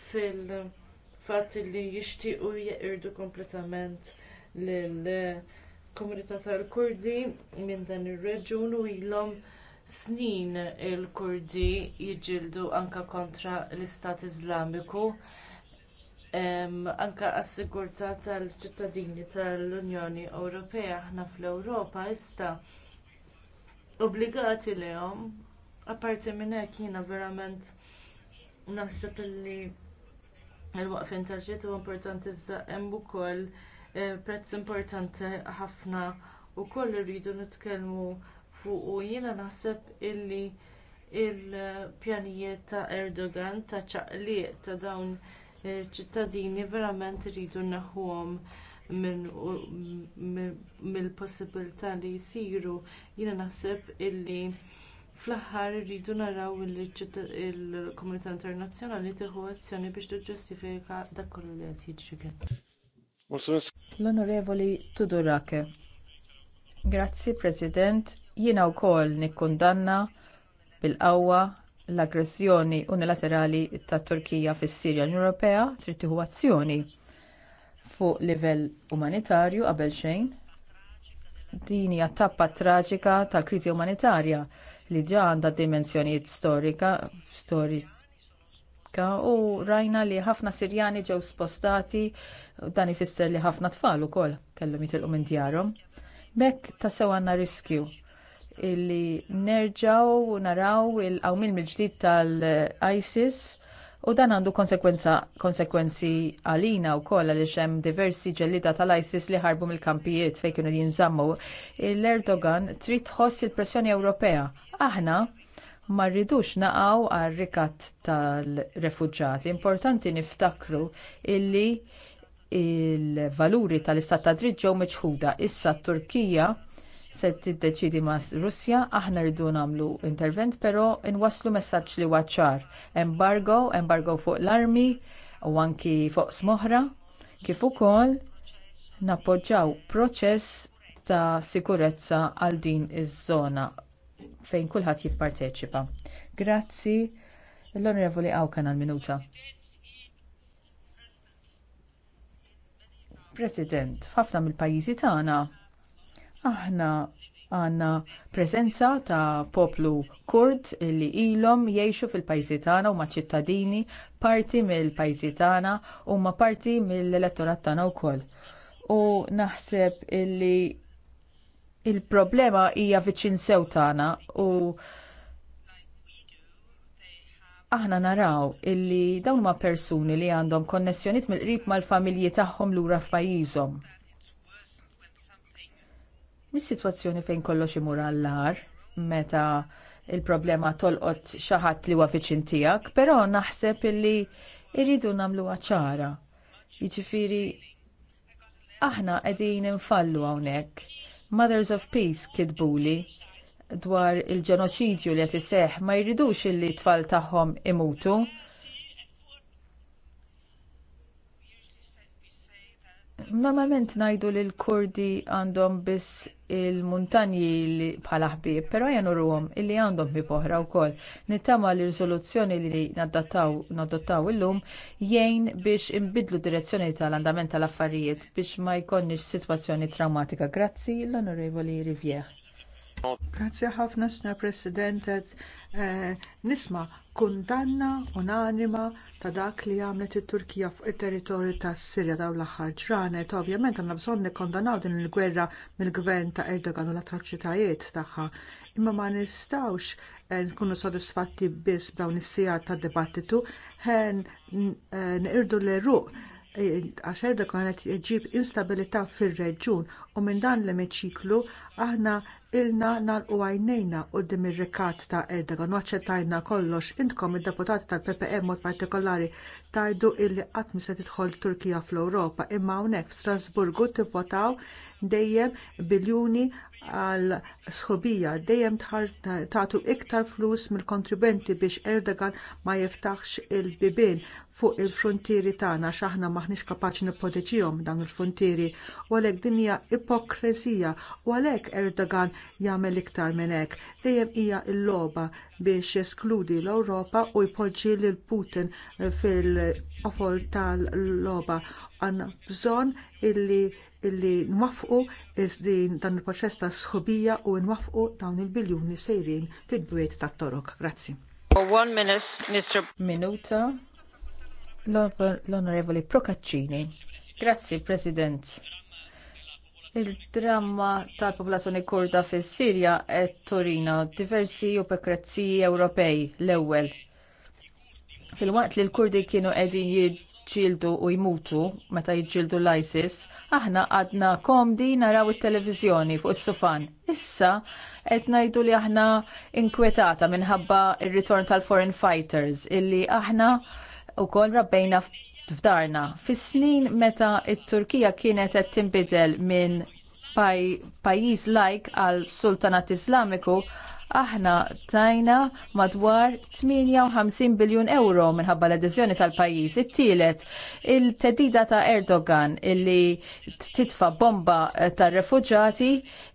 fil-fatt li jixtiequ jeqirdu kompletament lill-komunità tal-kurdi minn dan ir-reġjun u ilhom snin il-kurdi jiġġieldu anke kontra l-istat iżlamiku anke għas-sigurtà tal-ċittadini tal-Unjoni Ewropea aħna fl-Ewropa issa obbligati lehom apparti minn hekk jiena verament naħseb li l-waqfien tal-ġiet huwa importanti iżda hemm ukoll eh, prezz importanti ħafna wkoll irridu nitkellmu fuq u jiena naħseb illi il-pjanijiet ta' Erdogan ta' ċaqliq ta' dawn ċittadini verament iridu naħuhom mill-possibilità li jsiru jiena naħseb illi fl-aħħar iridu naraw li l-komunità internazzjonali tieħu azzjoni biex tiġġustifika dak kollu li qed jiġri grazzi. L-Onorevoli Tudorake. Grazzi President, jiena wkoll nikkundanna bil-qawwa l-aggressjoni unilaterali tat Turkija fis-Sirja l-Unjoni Ewropea trid tieħu azzjoni fuq livell umanitarju qabel xejn. Din hija tappa traġika tal-kriżi umanitarja li ġa għandha dimensjonijiet storika storika u rajna li ħafna Sirjani ġew spostati dan ifisser li ħafna tfal ukoll kellhom jitilqu minn djarhom. B'hekk tassew għandna riskju illi nerġaw naraw il-qawmil mill-ġdid tal-ISIS u dan għandu konsekwenzi għalina wkoll għaliex hemm diversi ġellida tal-ISIS li ħarbu mill-kampijiet fejn kienu jinżammu. L-Erdogan trid tħoss il-pressjoni Ewropea. Aħna ma rridux naqgħu għar rikat tal-refuġġati. Importanti niftakru illi l il valuri tal-istat ta' dritt ġew miċħuda. Issa t Turkija se tiddeċiedi ma' Russja, aħna rridu nagħmlu intervent, però nwasslu messaġġ li huwa ċar. Embargo, embargo fuq l-armi u anki fuq smoħra, kif ukoll nappoġġjaw proċess ta' sikurezza għal din iż-żona fejn kulħadd jipparteċipa. Grazzi l-Onorevoli Awkan għall minuta. President, f'ħafna mill-pajjiżi tagħna Aħna għandna preżenza ta' poplu kurd li ilhom jgħixu fil-pajjiżi tagħna huma ċittadini parti mill-pajjiżi tagħna huma parti mill-elettorat tagħna wkoll. U naħseb illi il-problema hija viċin sew tagħna u aħna naraw illi dawn huma persuni li għandhom konnessjonijiet mill-qrib mal-familji tagħhom lura f'pajjiżhom. Mis-sitwazzjoni fejn kollox imur għall ar meta il-problema tolqot xi ħadd li huwa viċin tiegħek, però naħseb illi irridu nagħmluha ċara. Jiġifieri aħna qegħdin infallu hawnhekk. Mothers of Peace kitbuli dwar il-ġenoċidju li qed iseħħ ma jridux illi t-tfal tagħhom imutu Normalment ngħidu li l-Kurdi għandhom biss il-muntanji bħala ħbieb, però januruhom illi għandhom ħbieb oħra wkoll. Nittama li riżoluzzjoni li nadottaw illum jgħin biex inbidlu direzzjoni tal-andament tal-affarijiet biex ma jkollniex sitwazzjoni traumatika. Grazzi l-Onorevoli Rivier. Grazzi ħafna, Sr. President, eh, nisma kundanna unanima ta' dak li għamlet it-Turkija fuq it-territorju tas Sirja dawn l-aħħar ġranet. Ovvjament għandna bżonn kondannaw din il-gwerra mill-gvern ta' Erdogan u l-atroċitajiet tagħha. Imma ma nistawx eh, nkunu sodisfatti biss b'dawn is-sigħat ta' dibattitu ħen eh, nirdu l-ruq għax Erdogan qed jġib instabilità fir-reġjun u minn dan l-emiċiklu aħna ilna nagħlqu għajnejna quddiem ir-rikat ta' Erdogan waċċettajna kollox intkom id-deputati tal-PPM e mod partikolari tgħidu illi qatt se tidħol Turkija fl-Ewropa imma hawnhekk f'Strasburgu tivvotaw dejjem biljuni għal sħubija dejjem tagħtu iktar flus mill-kontribwenti biex Erdogan ma jiftaħx il-bibien fuq il-frontieri tagħna x'aħna maħniex kapaċi nipproteġihom dawn il-frontieri u għalhekk din hija ipokreżija u għalhekk Erdogan jagħmel iktar minn hekk. Dejjem hija l-logħba biex eskludi l-Ewropa u jpoġġi lil Putin fil-qofol tal-logħba. Għandna bżonn illi illi nwafqu dan il-proċess ta' sħubija u nwafqu dawn il-biljuni sejrin fil-bwiet tat-torok. Grazzi. Minuta l-Onorevoli Procaccini. Grazzi, President. Il-dramma tal-popolazzjoni kurda fis sirja qed torina diversi opekrezziji Ewropej l-ewwel. Filwaqt li l-Kurdi kienu qegħdin jiġġieldu u jmutu meta jiġġieldu l-ISIS, aħna għadna komdi naraw it-televiżjoni fuq is-sufan. Issa qed ngħidu li aħna inkwetata minħabba r ritorn tal-foreign fighters illi aħna wkoll rabbejna f'darna. Fis-snin meta t-Turkija kienet qed tinbidel minn pajjiż laik għal Sultanat Iżlamiku, aħna tajna madwar 58 biljun euro minħabba l-adeżjoni tal-pajjiż. It-tielet, il-tedida ta' Erdogan illi titfa bomba eh, tar refuġati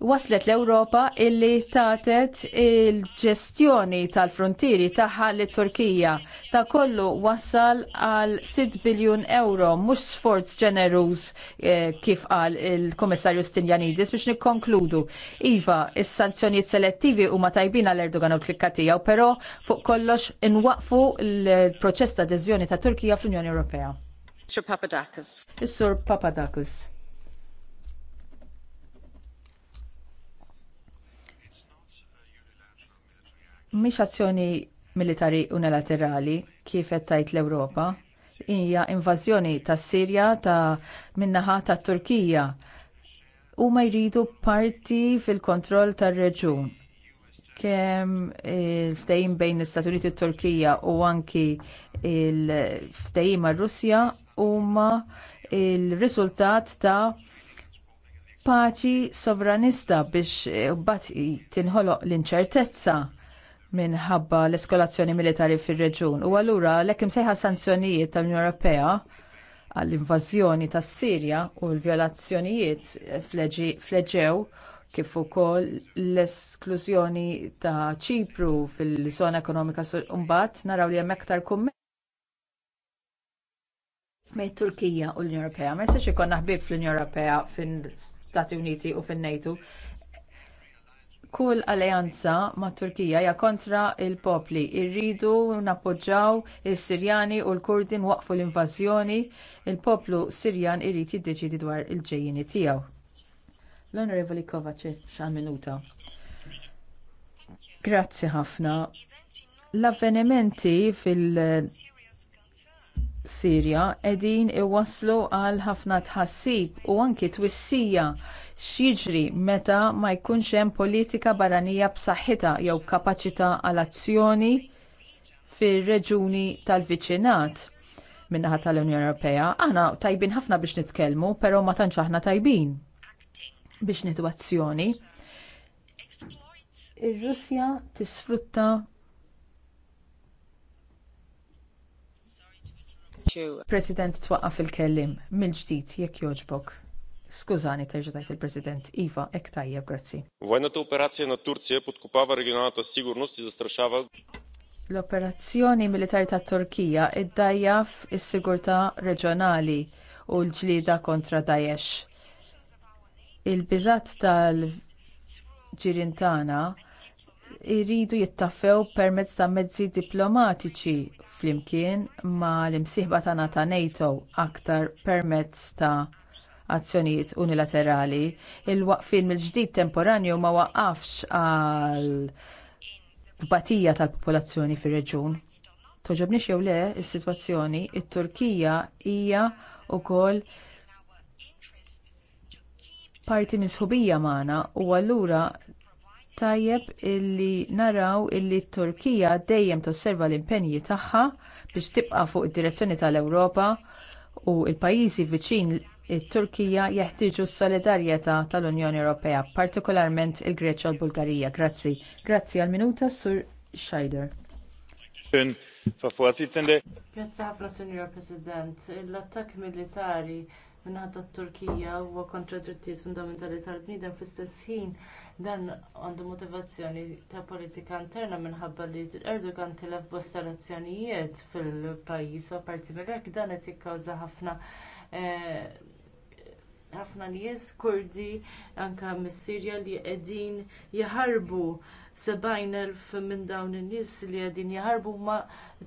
waslet l-Ewropa illi tatet il-ġestjoni tal-frontieri tagħha lit turkija Ta' kollu wassal għal 6 biljun euro, mhux sforz ġeneruż eh, kif qal il-Komissarju Stinjanidis biex nikkonkludu. Iva, is-sanzjonijiet selettivi huma ta' tajbin għal Erdogan u l-klikka tiegħu, però fuq kollox inwaqfu l-proċess ta' adeżjoni ta' Turkija fl-Unjoni Ewropea. Sir Papadakis. Is-Sur Papadakis. Mhix azzjoni militari unilaterali kif qed tajt l-Ewropa, hija invażjoni tas Sirja ta' min-naħa tat Turkija huma jridu parti fil-kontroll tar-reġjun kemm il-ftehim bejn l istatuniti Uniti u Turkija u anki il ftajim mar russja huma r riżultat ta' paċi sovranista biex e, bat tinħoloq l-inċertezza minħabba l-eskolazzjoni militari fir-reġjun. U allura l-ekim sejħa sanzjonijiet tal-Unjoni Ewropea għall-invażjoni tas-Sirja u l-vjolazzjonijiet fleġew kif ukoll l-esklużjoni ta' ċipru fil-żona ekonomika mbagħad naraw li hemm aktar kummerċ me Turkija u l-Unjoni Ewropea. Ma jistax ikun ħbib fl-Unjoni Ewropea fin-Stati Uniti u fin-NATO. Kull alleanza mat Turkija hija kontra l popli Irridu nappoġġaw is-Sirjani u l-Kurdin waqfu l-invażjoni. Il-poplu Sirjan irid jiddeċiedi dwar il-ġejjini tiegħu. L-Onorevoli Kovacic għall minuta. Grazzi ħafna. L-avvenimenti fil- Sirja qegħdin iwasslu għal ħafna tħassib u anki twissija x'jiġri meta ma jkunx hemm politika barranija b'saħħitha jew kapaċità għal azzjoni fir-reġuni tal-viċinat min-naħa tal-Unjoni Ewropea. Aħna tajbin ħafna biex nitkellmu, però ma tantx aħna tajbin biex nitwazzjoni. Ir-Russja tisfrutta President twaqqaf il-kellim mill-ġdid jekk jogħġbok. Skużani, terġetajt il-President. Iva, ek tajjeb, grazzi. Военната операция на Турция подкопава регионалната сигурност и застрашава L-operazzjoni militari tat Turkija iddajjaf is-sigurtà reġjonali u l-ġlieda kontra Daesh il-biżat tal ġirintana jridu jittaffew permezz ta' mezzi diplomatiċi flimkien mal imsieħba tagħna ta' NATO aktar permezz ta' azzjonijiet unilaterali. Il-waqfien mill-ġdid temporanju ma waqqafx għal tbatija tal-popolazzjoni fir-reġjun. Toġobniex jew le, is-sitwazzjoni, it-Turkija hija wkoll parti minn sħubija magħna u allura tajjeb illi naraw illi t-Turkija dejjem tosserva l-impenji tagħha biex tibqa' fuq id-direzzjoni tal-Ewropa u l-pajjiżi viċin it-Turkija jeħtieġu s-solidarjetà tal-Unjoni Ewropea, partikolarment il-Greċja u l-Bulgarija. Grazzi. Grazzi għall minuta Sur Scheider. Grazzi ħafna, Signor President. L-attakk militari minħabba t-Turkija huwa kontra drittijiet fundamentali tal-bniedem fl-istess ħin dan għandu motivazzjoni ta' politika interna minħabba li Erdogan tilef bosta elezzjonijiet fil-pajjiż u apparti minn hekk dan qed jikkawża ħafna eh, ħafna nies kurdi anke mis-Sirja li qegħdin jaħarbu 70,000 minn dawn in-nies li qegħdin jaħarbu ma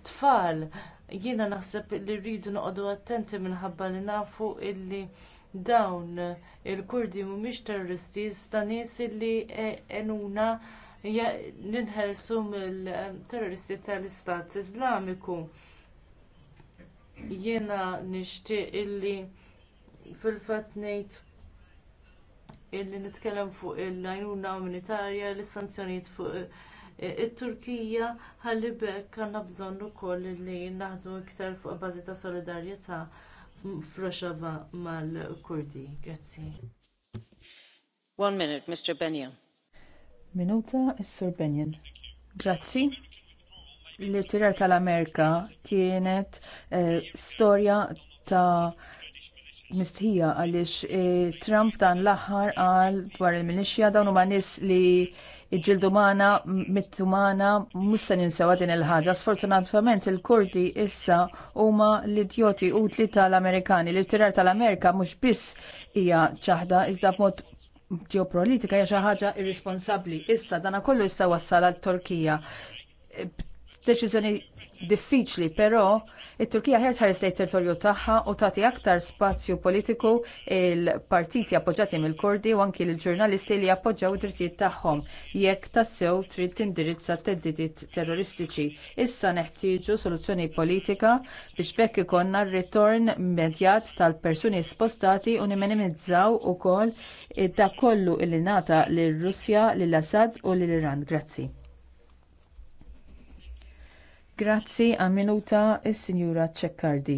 tfal. Jiena naħseb li rridu noqogħdu attenti minħabba li nafu illi dawn il-Kurdi mhumiex terroristi iżda nies li għenuna e, ninħelsu mill-terroristi tal-Istat Iżlamiku. Jiena nixtieq illi fil-fatt ngħid illi nitkellem fuq il-għajnuna umanitarja l-sanzjonijiet fuq eh, it-Turkija ħalli bekk għandna bżonn ukoll li naħdmu iktar fuq bażi ta' solidarjetà f'Roxava mal-Kurdi. Grazzi. One minute, Mr. Benjen. Minuta, is-Sur Benjen. Grazzi l-irtirar tal-Amerika kienet eh, storja ta' mistħija għaliex eh, Trump dan l-aħħar qal dwar il-minixja dawn huma nies li ġildu magħna mittu magħna mhux se ninsewa din il-ħaġa. Sfortunatament il kurti issa huma l-idjoti utli tal-Amerikani. L-ittirar tal-Amerika mhux biss hija ċaħda iżda b'mod ġeopolitika hija xi ħaġa irresponsabbli. Issa dana kollu issa wassal għat-Turkija. Deċiżjoni diffiċli, però it-Turkija ħert ħares lejn territorju tagħha u tagħti aktar spazju politiku il-partiti appoġġjati mill-Kurdi u anki l-ġurnalisti li appoġġjaw id-drittijiet tagħhom jekk tassew trid tindirizza t-teddidiet terroristiċi. Issa neħtieġu soluzzjoni politika biex bekk ikonna r-ritorn medjat tal-persuni spostati u niminimizzaw ukoll dak kollu li ngħata lir Russja, lill Assad u lill Iran. Grazzi. Grazzi għaminuta minuta is-Sinjura Ceccardi.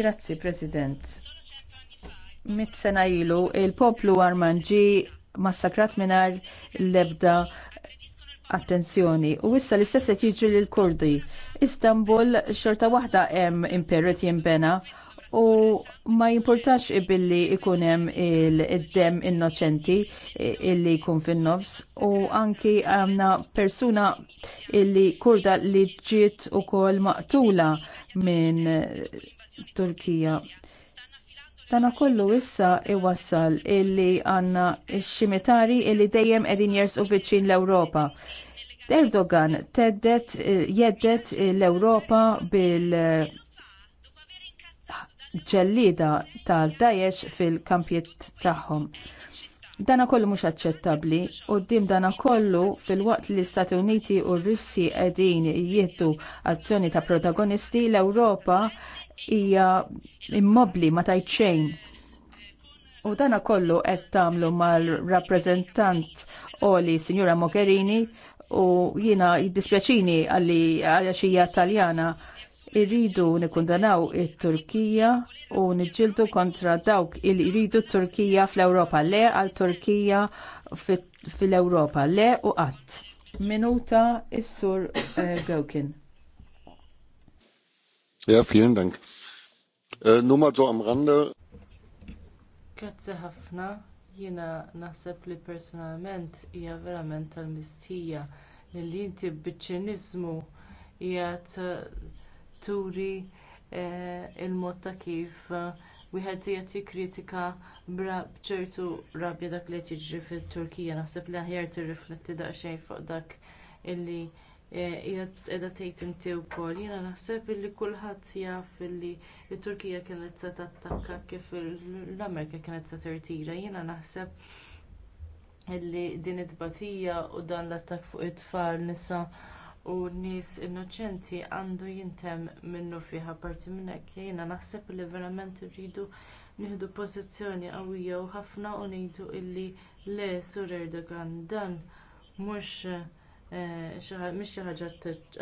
Grazzi President. Mit sena ilu il-poplu Arman ġie massakrat mingħajr l-ebda attenzjoni u issa l-istess qed jiġri lill-Kurdi. Istanbul xorta waħda hemm imperiet jinbena U ma jimportax billi ikunem il-dem innoċenti illi jkun fin-nofs u anki għamna persuna illi kurda li ġiet u kol maqtula minn Turkija. Dana kollu issa iwassal illi għanna ximitari illi dejjem edin jersu viċin l-Europa. Erdogan teddet, eh, jeddet l-Europa bil- ġellida tal-Daesh fil-kampijiet tagħhom. Dana kollu mhux aċċettabbli u ddim dana kollu fil-waqt li l-Istati Uniti u r-Russi qegħdin jieħdu azzjoni ta' protagonisti l-Ewropa hija immobbli ma tajt xejn. U dana kollu qed tagħmlu mal-rappreżentant Oli Sinjura Mogherini u jiena jiddispjaċini għalli għaliex hija Taljana irridu nikkundanaw it-Turkija u niġġieldu kontra dawk il jridu t Turkija fl-Ewropa le għal Turkija fil-Ewropa le u qatt. Minuta is-sur eh, Gawkin. Ja, vielen Dank. Äh, Numa so am Rande. Grazzi ħafna. Jiena naħseb li personalment hija verament tal-mistija li inti biċ-ċiniżmu qiegħed turi eh, il-mod ta' kif eh, wieħed jgħid jikkritika b'ċertu rabja dak li qed jiġri fit-Turkija naħseb li aħjar tirrifletti daqsxejn fuq dak illi eh, qiegħda tgħid inti wkoll. Jiena naħseb illi kulħadd jaf illi t-Turkija kienet se tattakka kif l-Amerika kienet se tirtira. Jiena naħseb illi din it-tbatija u dan l-attakk fuq it-tfal nisa' u nies innoċenti għandu jintemm minnu fih apparti minn hekk jiena naħseb li verament irridu nieħdu pożizzjoni qawwija u ħafna u ngħidu illi le sur Erdogan dan mhux eh, mhix xi ħaġa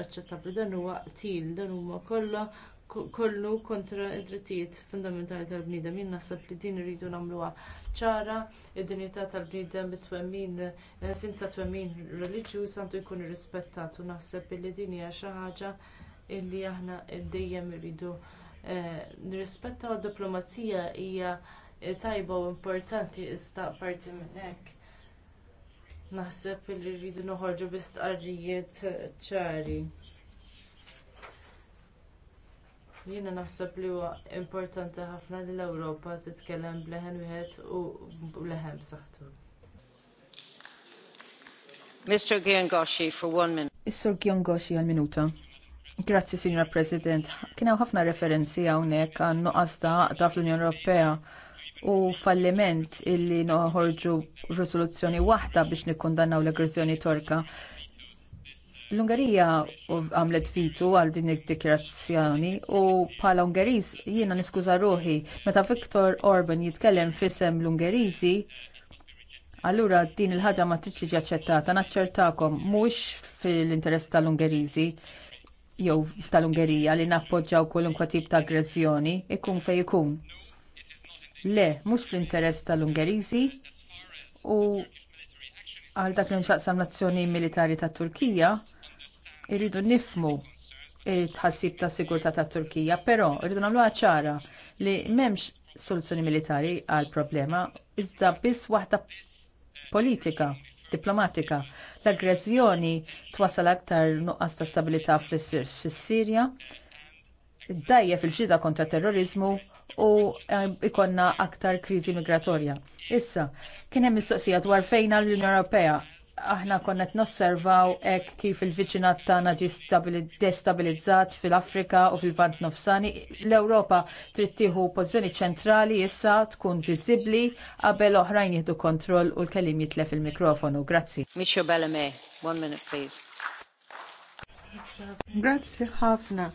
aċċettabbli dan huwa qtil dan huma kollha kollu kontra id-drittijiet fundamentali tal-bniedem. Jien naħseb li din iridu nagħmluha ċara, id-dinjità tal-bniedem bit-twemmin, eh, ta' twemmin reliġjuż għandu jkun irrispettat u naħseb li din hija xi ħaġa li aħna dejjem irridu eh, nirrispettaw id-diplomazija hija tajba u importanti iżda parti minn hekk. Naħseb li rridu noħorġu bi stqarrijiet ċari. Jiena naħseb li huwa importanti ħafna li l-Ewropa titkellem bleħen wieħed u bleħen b'saħħtu. Mr. Giongoshi for one minute. Is-Sur Giongoshi għal minuta. Grazzi, Signor President. Kien hemm ħafna referenzi hawnhekk għan nuqqas ta' għaqda fl-Unjoni Ewropea u falliment illi noħorġu risoluzzjoni waħda biex nikkundannaw l-aggressjoni torka. L-Ungerija għamlet fitu għal din id-dikjerazzjoni u bħala Ungeriż jiena niskuża ruħi meta Viktor Orban jitkellem f'isem l-Ungeriżi allura din il-ħaġa ma tridx tiġi aċċettata naċċertakom mhux fil-interess tal-Ungeriżi jew tal-Ungerija li nappoġġjaw kwalunkwe tip ta' aggressjoni ikun fejn ikun. Le, mhux fl-interess tal-Ungeriżi u għal dak li nxaqsam l-azzjoni militari tat Turkija, Irridu nifmu tħassib ta' sigurtà tat Turkija, però rridu nagħmluha ċara li m'hemmx soluzzjoni militari għall problema iżda biss waħda politika diplomatika. L-aggressjoni twassal aktar nuqqas ta' stabilità fis-Sirja, dajja fil-ġida kontra terrorizmu u eh, ikonna aktar kriżi migratorja. Issa, kien hemm mistoqsija dwar fejn l-Unjoni Ewropea aħna konna qed nosservaw hekk kif il-viċinat tagħna ġie destabilizzat fil-Afrika u fil-Vant Nofsani. L-Ewropa trid tieħu pożizzjoni ċentrali issa tkun viżibbli qabel oħrajn jieħdu kontroll u l-kelim jitlef il-mikrofonu. Grazzi. Michel Bellamy, one minute please. Grazzi ħafna.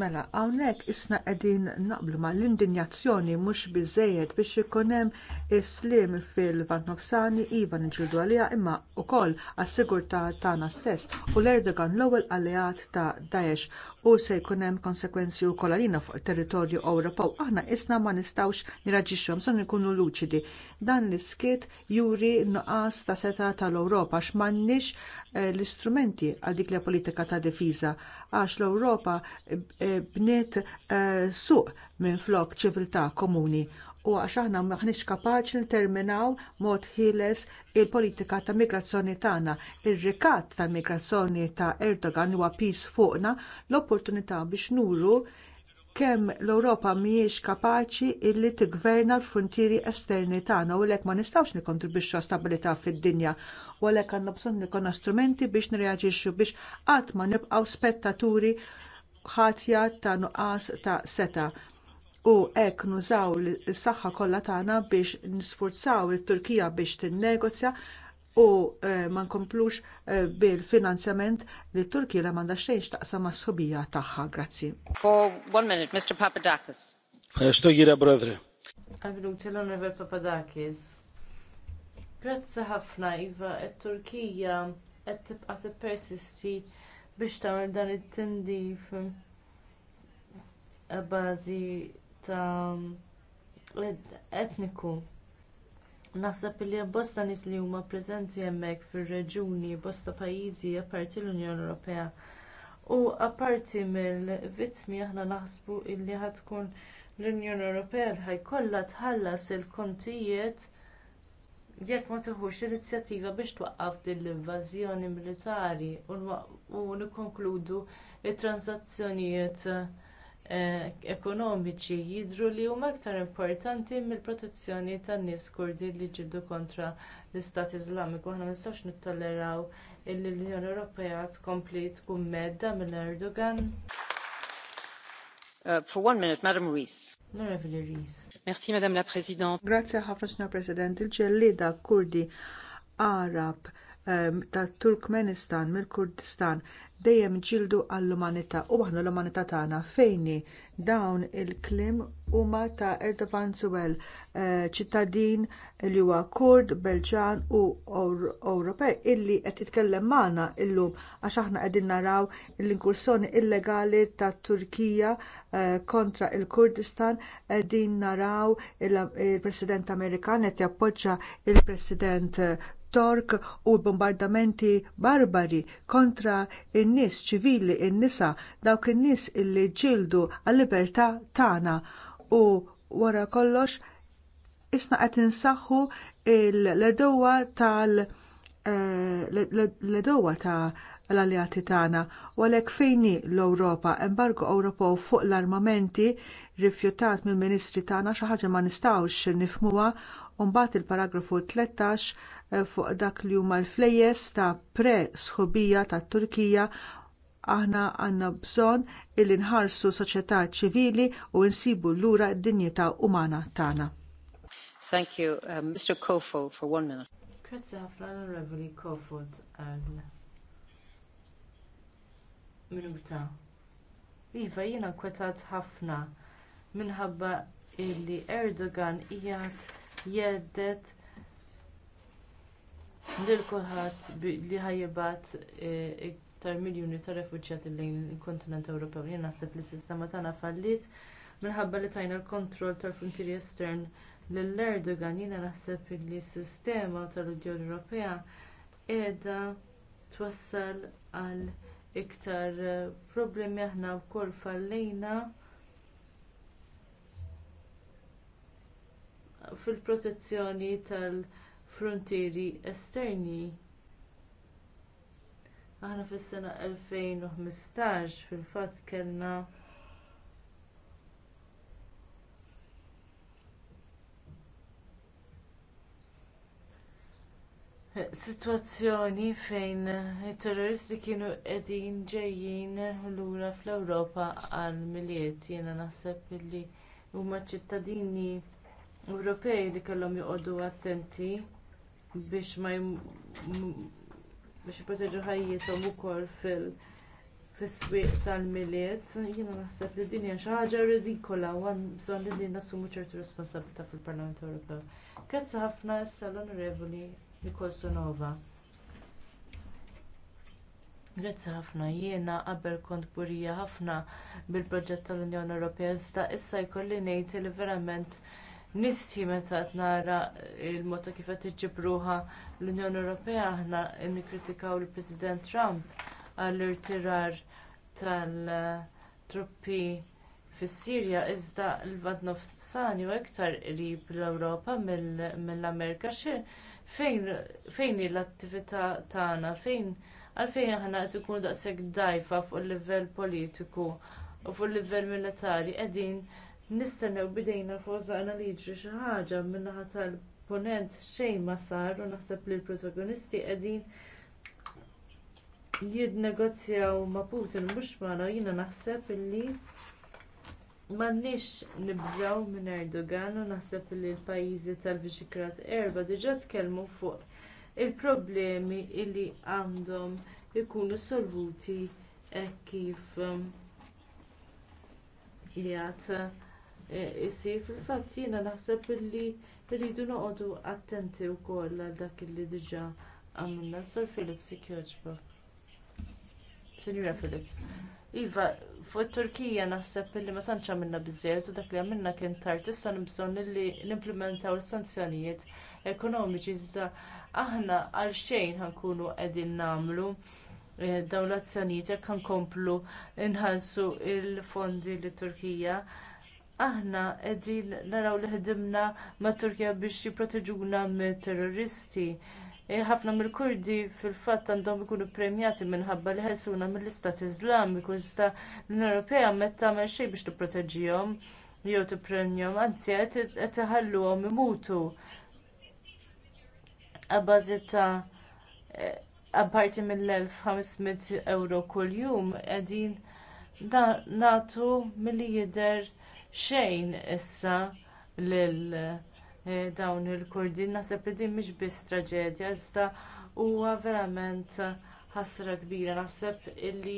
Mela, hawnhekk isna qegħdin naqblu mal l-indinjazzjoni mhux biżżejjed biex ikun hemm islim fil-vant nofsani iva niġildu għaliha imma wkoll għas-sigurtà tagħna stess u l-Erdogan l-ewwel alleat ta' Daesh u se jkun hemm konsekwenzi wkoll għalina fuq it territorju Ewropew. Aħna isna ma nistgħux niraġixxhom son ikunu luċidi. Dan l iskiet juri nuqqas ta' seta tal-Ewropa x'm'għandniex eh, l-istrumenti għal dik li politika ta' difiża għax l-Ewropa eh, bniet eh, suq minn flok ċiviltà komuni u għax aħna maħniex kapaċi niterminaw mod ħieles il-politika ta' migrazzjoni tagħna. Ir-rikat ta' migrazzjoni ta' Erdogan huwa pis fuqna l-opportunità biex nuru kemm l-Ewropa mhijiex kapaċi illi tiggverna l-frontieri esterni tagħna u għalhekk ma nistgħux nikkontribwixxu stabilità fid-dinja u għalhekk għandna bżonn ikun strumenti biex nirreaġixxu biex qatt ma nibqgħu spettaturi ħatja ta' nuqqas ta' seta' u hekk nużaw is saħħa kollha tagħna biex nisfurzaw it-Turkija biex tinnegozja u eh, ma nkomplux eh, bil-finanzjament li t Turkija la m'għandha xejn x'taqsam mas subija tagħha. Grazzi. For one minute, Mr. Papadakis. jira Papadakis. Grazzi ħafna, Iva, t turkija qed tibqa' tippersisti biex tagħmel dan it-tindif bażi ta' etniku naħseb li hemm bosta nies li huma preżenti hemmhekk fir-reġjuni bosta pajjiżi apparti l-unjoni ewropea u apparti mill-vittmi aħna naħsbu li tkun l-unjoni ewropea li ħajkollha tħallas il-kontijiet jekk ma tieħux inizjattiva biex twaqqaf din l-invażjoni militari u nikkonkludu t transazzjonijiet Eh, ekonomiċi jidhru li huma aktar importanti mill-protezzjoni tan-nies kurdi li jġibdu kontra l-istat iżlamiku aħna ma nistgħux nittolleraw li l-unjoni ewropea tkompli tkun medda mill-erdogan uh, For one minute madam Madam president grazzi ħafna signora president il ġellida kurdi għarab um, tat-turkmenistan mill-kurdistan dejjem ġildu għall-umanità u aħna l-umanità tagħna fejni dawn il-kliem huma ta' Erdogan Suwel eh, ċittadin li huwa Kurd, Belġan u Ewropej illi qed jitkellem magħna llum għax aħna qegħdin naraw l-inkursjoni illegali tat Turkija eh, kontra l kurdistan qegħdin naraw il-President Amerikan qed jappoġġja l president eh, tork u bombardamenti barbari kontra in-nies ċivili, in-nisa, dawk in-nies illi ġildu għal-libertà tagħna u wara kollox isna qed insaħħu eh, l-edowa tal l ta' l-aljati tagħna u għalhekk fejni l-Ewropa embargo Ewropew fuq l-armamenti rrifjutat mill-Ministri tagħna xi ħaġa ma nistgħux nifhmuha Umbat il-paragrafu 13 eh, fuq dak li huma l flejes ta' pre-sħubija tat Turkija aħna għandna bżonn illi nħarsu soċjetà ċivili u nsibu lura d-dinjità umana tagħna. Thank you, um, uh, Mr. Kofod, for one minute. Grazie ħafna l-Onorevoli Kofod għal minuta. Iva, jiena kwetat ħafna minħabba illi Erdogan ijat jeddet lil kulħadd li ħajjibat e, iktar miljuni ta' refuġjati lejn il-kontinent Ewropew. li naħseb li s-sistema tagħna fallit minħabba li tajna l-kontroll tal-frontieri estern lill erdogan jiena naħseb li s-sistema tal-Unjoni Ewropea qiegħda twassal għal iktar e, problemi aħna wkoll fallejna fil-protezzjoni tal-frontieri esterni. Aħna fis-sena 2015 fil-fatt kellna Sitwazzjoni fejn it-terroristi kienu qegħdin ġejjin lura fl-Ewropa għal milied jiena naħseb li huma ċittadini Ewropej li kellhom joqogħdu attenti biex ma biex jipproteġu ħajjithom ukoll fil- fis-swieq tal-miliet, jiena naħseb li din hija xi ħaġa ridikola u għan bżonn li nassumu ċertu responsabilità fil-Parlament Ewropew. Grazzi ħafna issa l-Onorevoli Nikolsonova. Grazzi ħafna, jiena qabel kont burija ħafna bil-proġett tal-Unjoni Ewropea iżda issa jkolli ngħid li verament nisħi meta qed nara l-mod kif qed iġġibruha l-Unjoni Ewropea aħna nikkritikaw il-President Trump għall-irtirar tal-truppi fis-Sirja iżda l-Lvant Nofsani u iktar qrib l-Ewropa mill-Amerika fejn hi l-attività tagħna fejn għalfejn aħna qed ikunu daqshekk dgħajfa fuq il-livell politiku u fuq il-livell militari qegħdin nistennew bidejna f'għożaqna li liġri xi ħaġa min-naħa tal-punent xejn ma sar u naħseb li l-protagonisti qegħdin jinnegozjaw ma' putin mhux magħna u jiena naħseb li m'għandniex nibżgħu minn erdogan u naħseb li l-pajjiżi tal-viċigrat erba' diġà tkellmu fuq il-problemi li għandhom ikunu solvuti hekk kif li ehm, għad isir fil-fatt jiena naħseb li rridu noqogħdu attenti wkoll għal dak li diġà għamilna sar Philips jogħġbok. Sinjura Philips. Iva, fuq it-Turkija naħseb li ma tantx għamilna biżżejjed u dak li għamilna kien tard issa nibżon illi nimplementaw is-sanzjonijiet ekonomiċi iżda aħna għal xejn ħankunu qegħdin nagħmlu eh, dawn l-azzjonijiet jekk ħankomplu nħallsu l fondi lit turkija aħna qegħdin naraw li ħdimna mat-Turkija biex jipproteġuna mit-terroristi. Eh, ħafna mill-Kurdi fil-fatt għandhom ikunu ppremjati minħabba li ħelsuna mill-Istat Iżlamiku iżda l-Unjoni Ewropea meta tagħmel xejn biex tipproteġihom jew tippremjahom, anzi qed iħalluhom imutu. Abbażi ta' eh, apparti mill-1500 euro kuljum qegħdin nagħtu milli jidher xejn issa lil eh, dawn il-Kurdi naħseb li din mhix biss traġedja iżda huwa verament ħasra kbira naħseb illi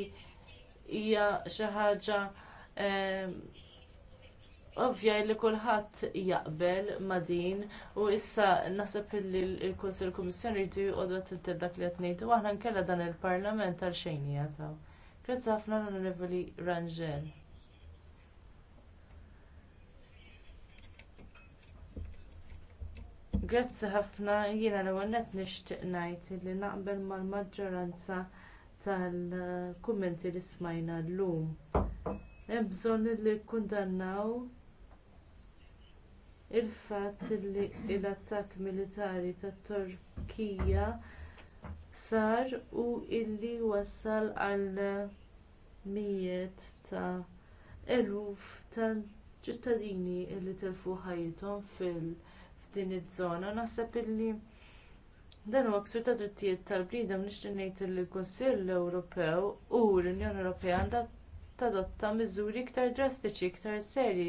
hija xi ħaġa eh, ovvja li kulħadd jaqbel ma' din u issa naħseb li l-Kunsill Kummissjoni jridu jqogħdu attenti dak li qed ngħidu aħna nkella dan il-Parlament għal xejn jagħtaw. Grazzi ħafna l Rangel. Grazzi ħafna jiena l-ewwel qed nixtieq ngħid li naqbel mal-maġġoranza tal-kummenti li smajna llum. Hemm bżonn li kkundannaw il-fatt li l-attakk militari tat-Turkija sar u illi wassal għal mijiet ta' eluf ta' ċittadini li telfu ħajjithom fil- f'din iż-żona naħseb illi dan huwa ksur ta' drittijiet tal-bniedem nixtieq ngħid li l-kunsill ewropew u l-unjoni ewropea għandha tadotta miżuri iktar drastiċi iktar serji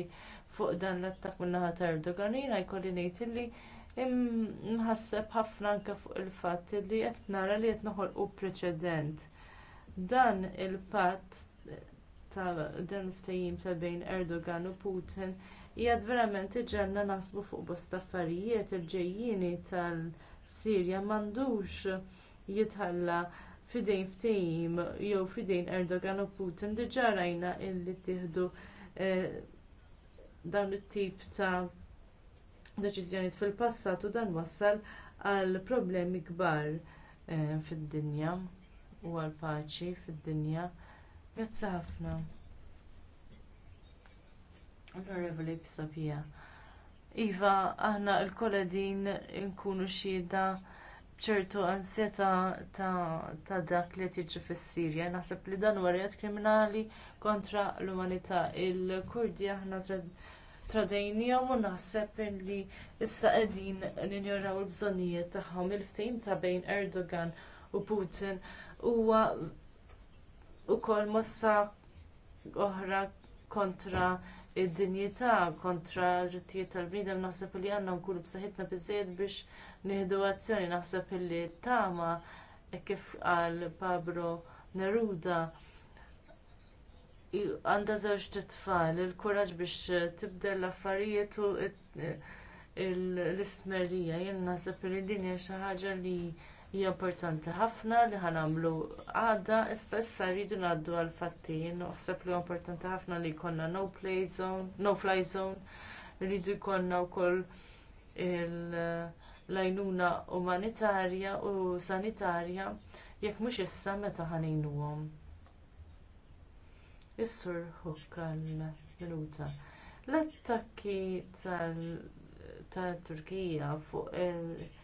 fuq dan l-attakk min-naħa ta' erdogan jiena jkolli ngħid illi imħasseb ħafna anke fuq il-fatt li qed nara li qed noħolqu preċedent dan il-patt ta' dan il-ftehim ta' bejn erdogan u putin qiegħed verament iġenna naħsbu fuq bosta affarijiet il-ġejjieni tal-Sirja m'għandux jitħalla f'idejn ftehim jew f'idejn Erdogan u Putin diġà rajna illi tieħdu eh, dawn it-tip ta' deċiżjonijiet fil-passat u dan wassal għal problemi kbar eh, fid-dinja u għall paċi fid-dinja. Grazzi ħafna. Onorevoli Psapija. Iva, aħna l-koledin nkunu xieda ċertu ansjeta ta' dak li tiġi fis-Sirja. Naħseb li dan huwa kriminali kontra l-umanità. Il-Kurdi aħna tradejnijhom u naħseb li issa qegħdin ninjoraw il-bżonnijiet tagħhom il-ftehim ta' bejn Erdogan u Putin huwa wkoll mossa oħra kontra id-dinjità kontra r drittijiet tal-bniedem naħseb li għandna nkunu b'saħħitna biżżejjed biex nieħdu azzjoni naħseb illi tama e kif qal Pablo Neruda għandha żewġ tfal il-kuraġġ biex tibdel l-affarijiet u l istmerrija jien naħseb li din hija xi ħaġa li hija importanti ħafna li ħanagħmlu għada issa issa rridu ngħaddu għall fatti naħseb li huwa importanti ħafna li jkollna no play zone no fly zone rridu jkollna wkoll l-għajnuna umanitarja u sanitarja jekk mhux issa meta ħanejnuhom. Is-sur minuta. L-attakki tal-Turkija fuq il-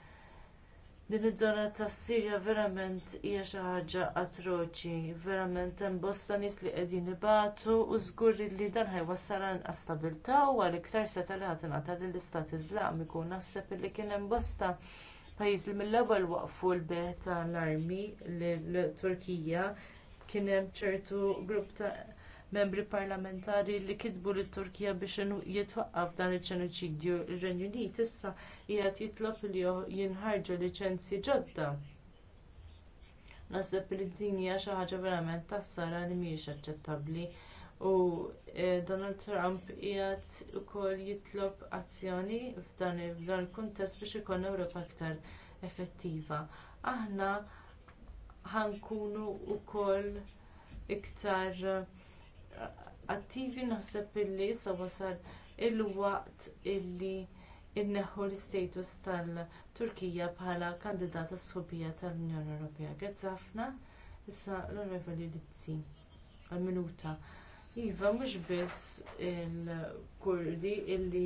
din id-dona tas-sirja verament hija xi ħaġa atroċi verament hemm bosta nies li qegħdin ibatu u żgur li dan ħajwassal għal inqas stabbiltà u għal iktar seta' li ħadd ingħata lill-istat iżlamiku naħseb li kien hemm bosta pajjiż li mill-ewwel waqfu l-beħ tal-armi lill-turkija kien hemm ċertu grupp ta' membri parlamentari li kitbu lit turkija biex jitwaqqaf dan il-ġenoċidju ir-renju unit issa qiegħed jitlob li jinħarġu liċenzji ġodda naħseb li din hija xi ħaġa verament tassara li mhijiex aċċettabbli u eh, Donald Trump qiegħed ukoll jitlob azzjoni f'dan il-kuntest biex ikun Ewropa aktar effettiva. Aħna ħankunu wkoll iktar attivi naħseb illi issa wasal il-waqt illi inneħħu l-istatus tal-turkija bħala kandidata sħubija tal-unjoni ewropea grazzi ħafna issa l-onorevoli lizzi għall-minuta iva mhux biss il-kurdi illi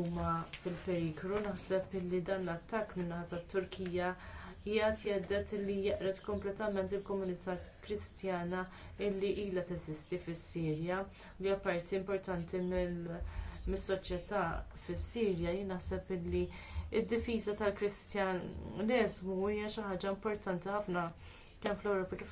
huma fil-periklu naħseb illi dan l-attakk min-naħa tat-turkija jgħid jgħidlek li jeqret kompletament il-komunità kristjana li ilha teżisti fis-sirja li parti importanti mis-soċjetà fis-sirja jien naħseb illi d-difiża tal-kristjaneżmu hija xi ħaġa importanti ħafna kemm fl-ewropa kif